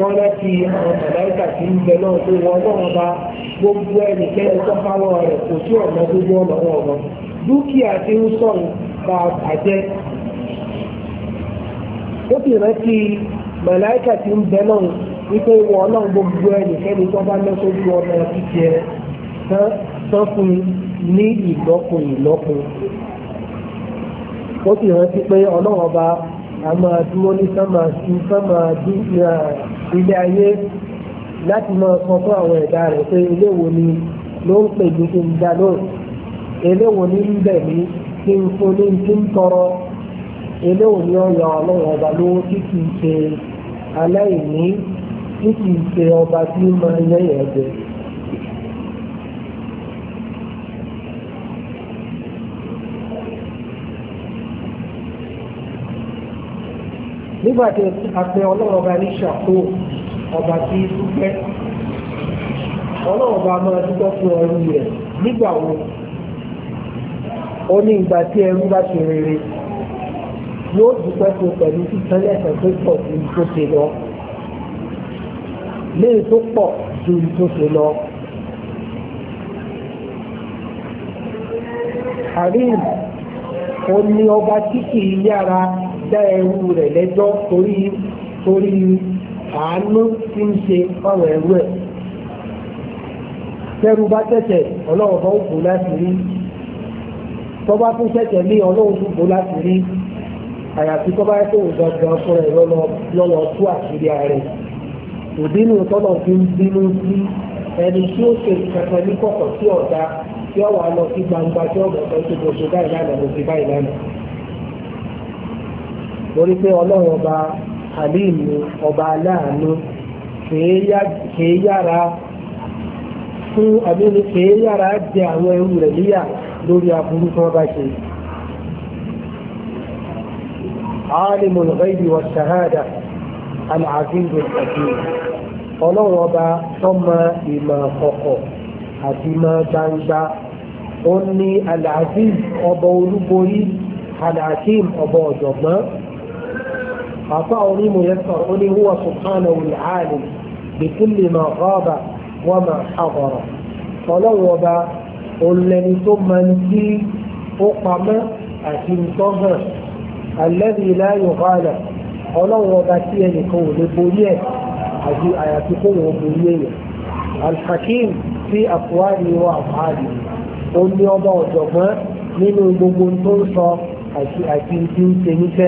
wọ́n láti àwọn màláìkà tí ń bẹ náà tó wọ́n náà bá gbogbo ẹnikẹ́ni tó bá wọ́n rẹ̀ kò tí ọ̀nà gbogbo ọ̀nà wọn wọn. dúkìá ti ń sọ̀rọ̀ bá àjẹ́. ó sì rántí màláìkà tí ń bẹ náà wípé wọ́n náà gbogbo ẹnikẹ́ni tó bá lọ́sọ́jú ọ̀nà títí ẹ̀ tán fún ní ìlọ́kùn ìlọ́kùn. ó sì rántí pé ọlọ́wọ́n bá a máa dúró ní sánmà sí sánmà dúkìá rẹ̀ ilé ayé láti máa sọ fún àwọn ẹ̀dá rẹ̀ pé eléwo ni ló ń pè mí kí n dá lóhùn eléwo ni ń bẹ̀ mí kí n fún ní kí n tọrọ eléwo ni ọ̀yà ọlọ́run ọba lówó tí kì í ṣe aláìní tí kì í ṣe ọba tí máa yẹ̀yẹ̀ jẹ́. nígbà tí apẹ ọlọ́run ọba ní ṣàkó ọba tí dúpẹ́ ọlọ́run ọba máa dúpẹ́ fún ẹrú rẹ̀ nígbà wo ó ní ìgbà tí ẹrú bá ṣe rere yóò dúpẹ́ fún pẹ̀lú sísan lẹ́sẹ̀ tó pọ̀ ju tó ṣe lọ léyìí tó pọ̀ ju tó ṣe lọ. àríyìn ó ní ọba tí kì í yára dá ẹrú rẹ̀ lẹ́jọ́ torí torí àánú tí ń ṣe fáwọn ẹrú ẹ̀ tẹ́rù bá tẹ̀tẹ̀ ọlọ́run bá ń kú láti rí tọ́ba tún tẹ̀tẹ̀ ní ọlọ́run tún kú láti rí àyàfi tọ́ba yẹ kó gbọ̀ngàn fún ẹ lọ́lọ́ tú àṣírí ààrẹ òdínú tọ́lọ̀ fi ń bínú sí ẹni tí ó ṣe kankan ní kọ̀kọ̀ sí ọ̀dà tí ó lọ sí gbangba tí ó mọ̀ pé gbogbo báyìí lánàá mo fi báyìí lánàá torí pé ọlọ́run ọba halim ọba aláàánú kèé yára fún àbíní kèé yára jẹ àwọn ẹrú rẹ̀ níyà lórí aburú tí wọ́n bá ṣe. عالم الغيب والشهادة العزيز الحكيم ọlọ́run ọba tọ́mọ ìmọ̀ ọ̀kọ̀ àti ìmọ̀ gbangba ó ní al ọba olúborí al ọba ọ̀jọ̀gbọ́n لي ميسر لي هو سبحانه العالم بكل ما غاب وما حضر فلوب قلني ثم نسي أقم أتنتظر الذي لا يغالب فلوب تيني قول بوليه أياتكم بوليه الحكيم في أقواله وأفعاله قلني أضع جمع من الجمهور تنصى أتنتظر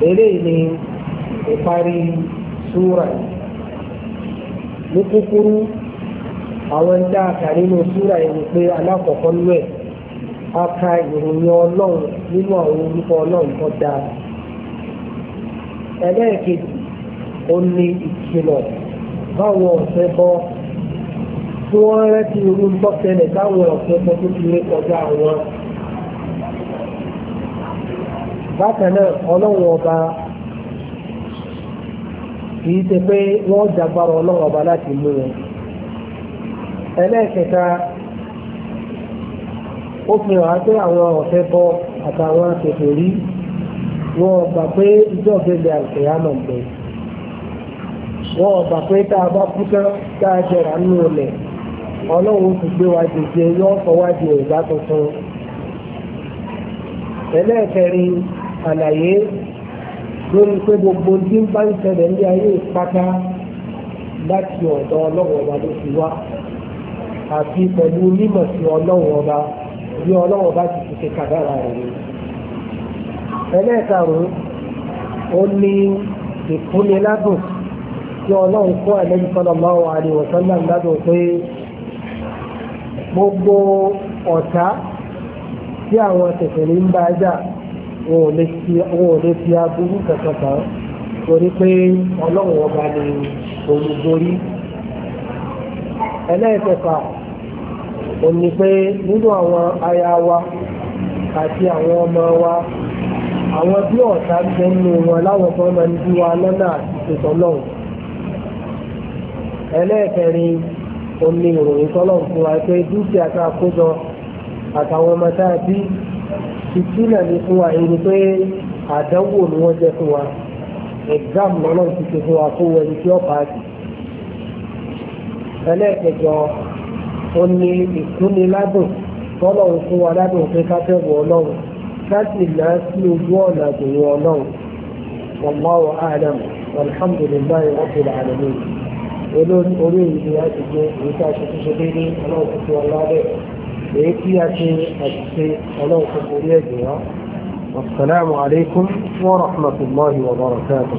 eléyìí ni ìparí súra ní kúkúrú àwọn ń dá àkà nínú súra yìí ni pé alákọ̀ọ́kọ́ nú ẹ̀ a ka ìròyìn ọlọ́run nínú àwọn orúkọ ọlọ́run tó dáa ẹlẹ́ẹ̀kejì ó ní ìkìlọ̀ báwọn ọ̀sẹ̀ bọ́ tí wọ́n rẹ́ ti irú ń bọ́ tẹ́lẹ̀ báwọn ọ̀sẹ̀ bọ́ tó bákan náà ọlọ́run ọba kìí ṣe pé wọ́n jagbára ọlọ́run ọba láti mú wọn. ẹlẹ́ẹ̀kẹta ó àwọn ọ̀fẹ́ bọ àtàwọn rí wọ́n gbà pé ìjọ gbẹgbẹ gbà pé tá a bá kú tán tá a nínú ilẹ̀ àlàyé lórí pé gbogbo tí ń bá ń ṣẹlẹ̀ ní ayé ìpátá láti ọ̀dọ̀ ọlọ́wọ́ ọba ló ti wá àti pẹ̀lú mímọ̀ sí ọlọ́wọ́ ọba bí ọlọ́wọ́ ọba ti ti ṣe kàdára rẹ̀ ẹlẹ́ẹ̀karùn-ún ó ní ìfúnniládùn tí ọlọ́run kó ẹ̀lẹ́bí sallallahu alaihi wa sallam ládùn pé gbogbo ọ̀tá tí àwọn tẹ̀sẹ̀lẹ̀ ń bá jà wọn le fi aburú kan torí pé ọlọ́run ọba ni olùborí ẹlẹ́ẹ̀kẹfà o ní pé nínú àwọn aya wa àti àwọn ọmọ wa àwọn bí ọ̀tá ń nínú wọn láwọn kan máa ń bí wa lọ́nà àti ṣètò ẹlẹ́ẹ̀kẹrin ò ní ìròyìn kó jọ àtàwọn ọmọ ìtúlẹ̀ ní fún wa ẹni pé àdánwò ni wọ́n jẹ́ fún wa exam lọ́nà ti ṣe fún wa kó wọ tí ó pàdé. ẹlẹ́ẹ̀kẹjọ ó ní ìkúniládùn tọ́lọ́run fún wa ládùn pé ká bẹ̀rù ọlọ́run láti nà á sí ojú ọ̀nà àgbèrè ọlọ́run wallahu a'lam walhamdulillahi rabbil alamin olórí orí ìlú àti gbé èyí a èyí tí a ṣe àṣìṣe ọlọ́run tó borí Assalamu alaikum wa rahmatullahi wa barakatuh.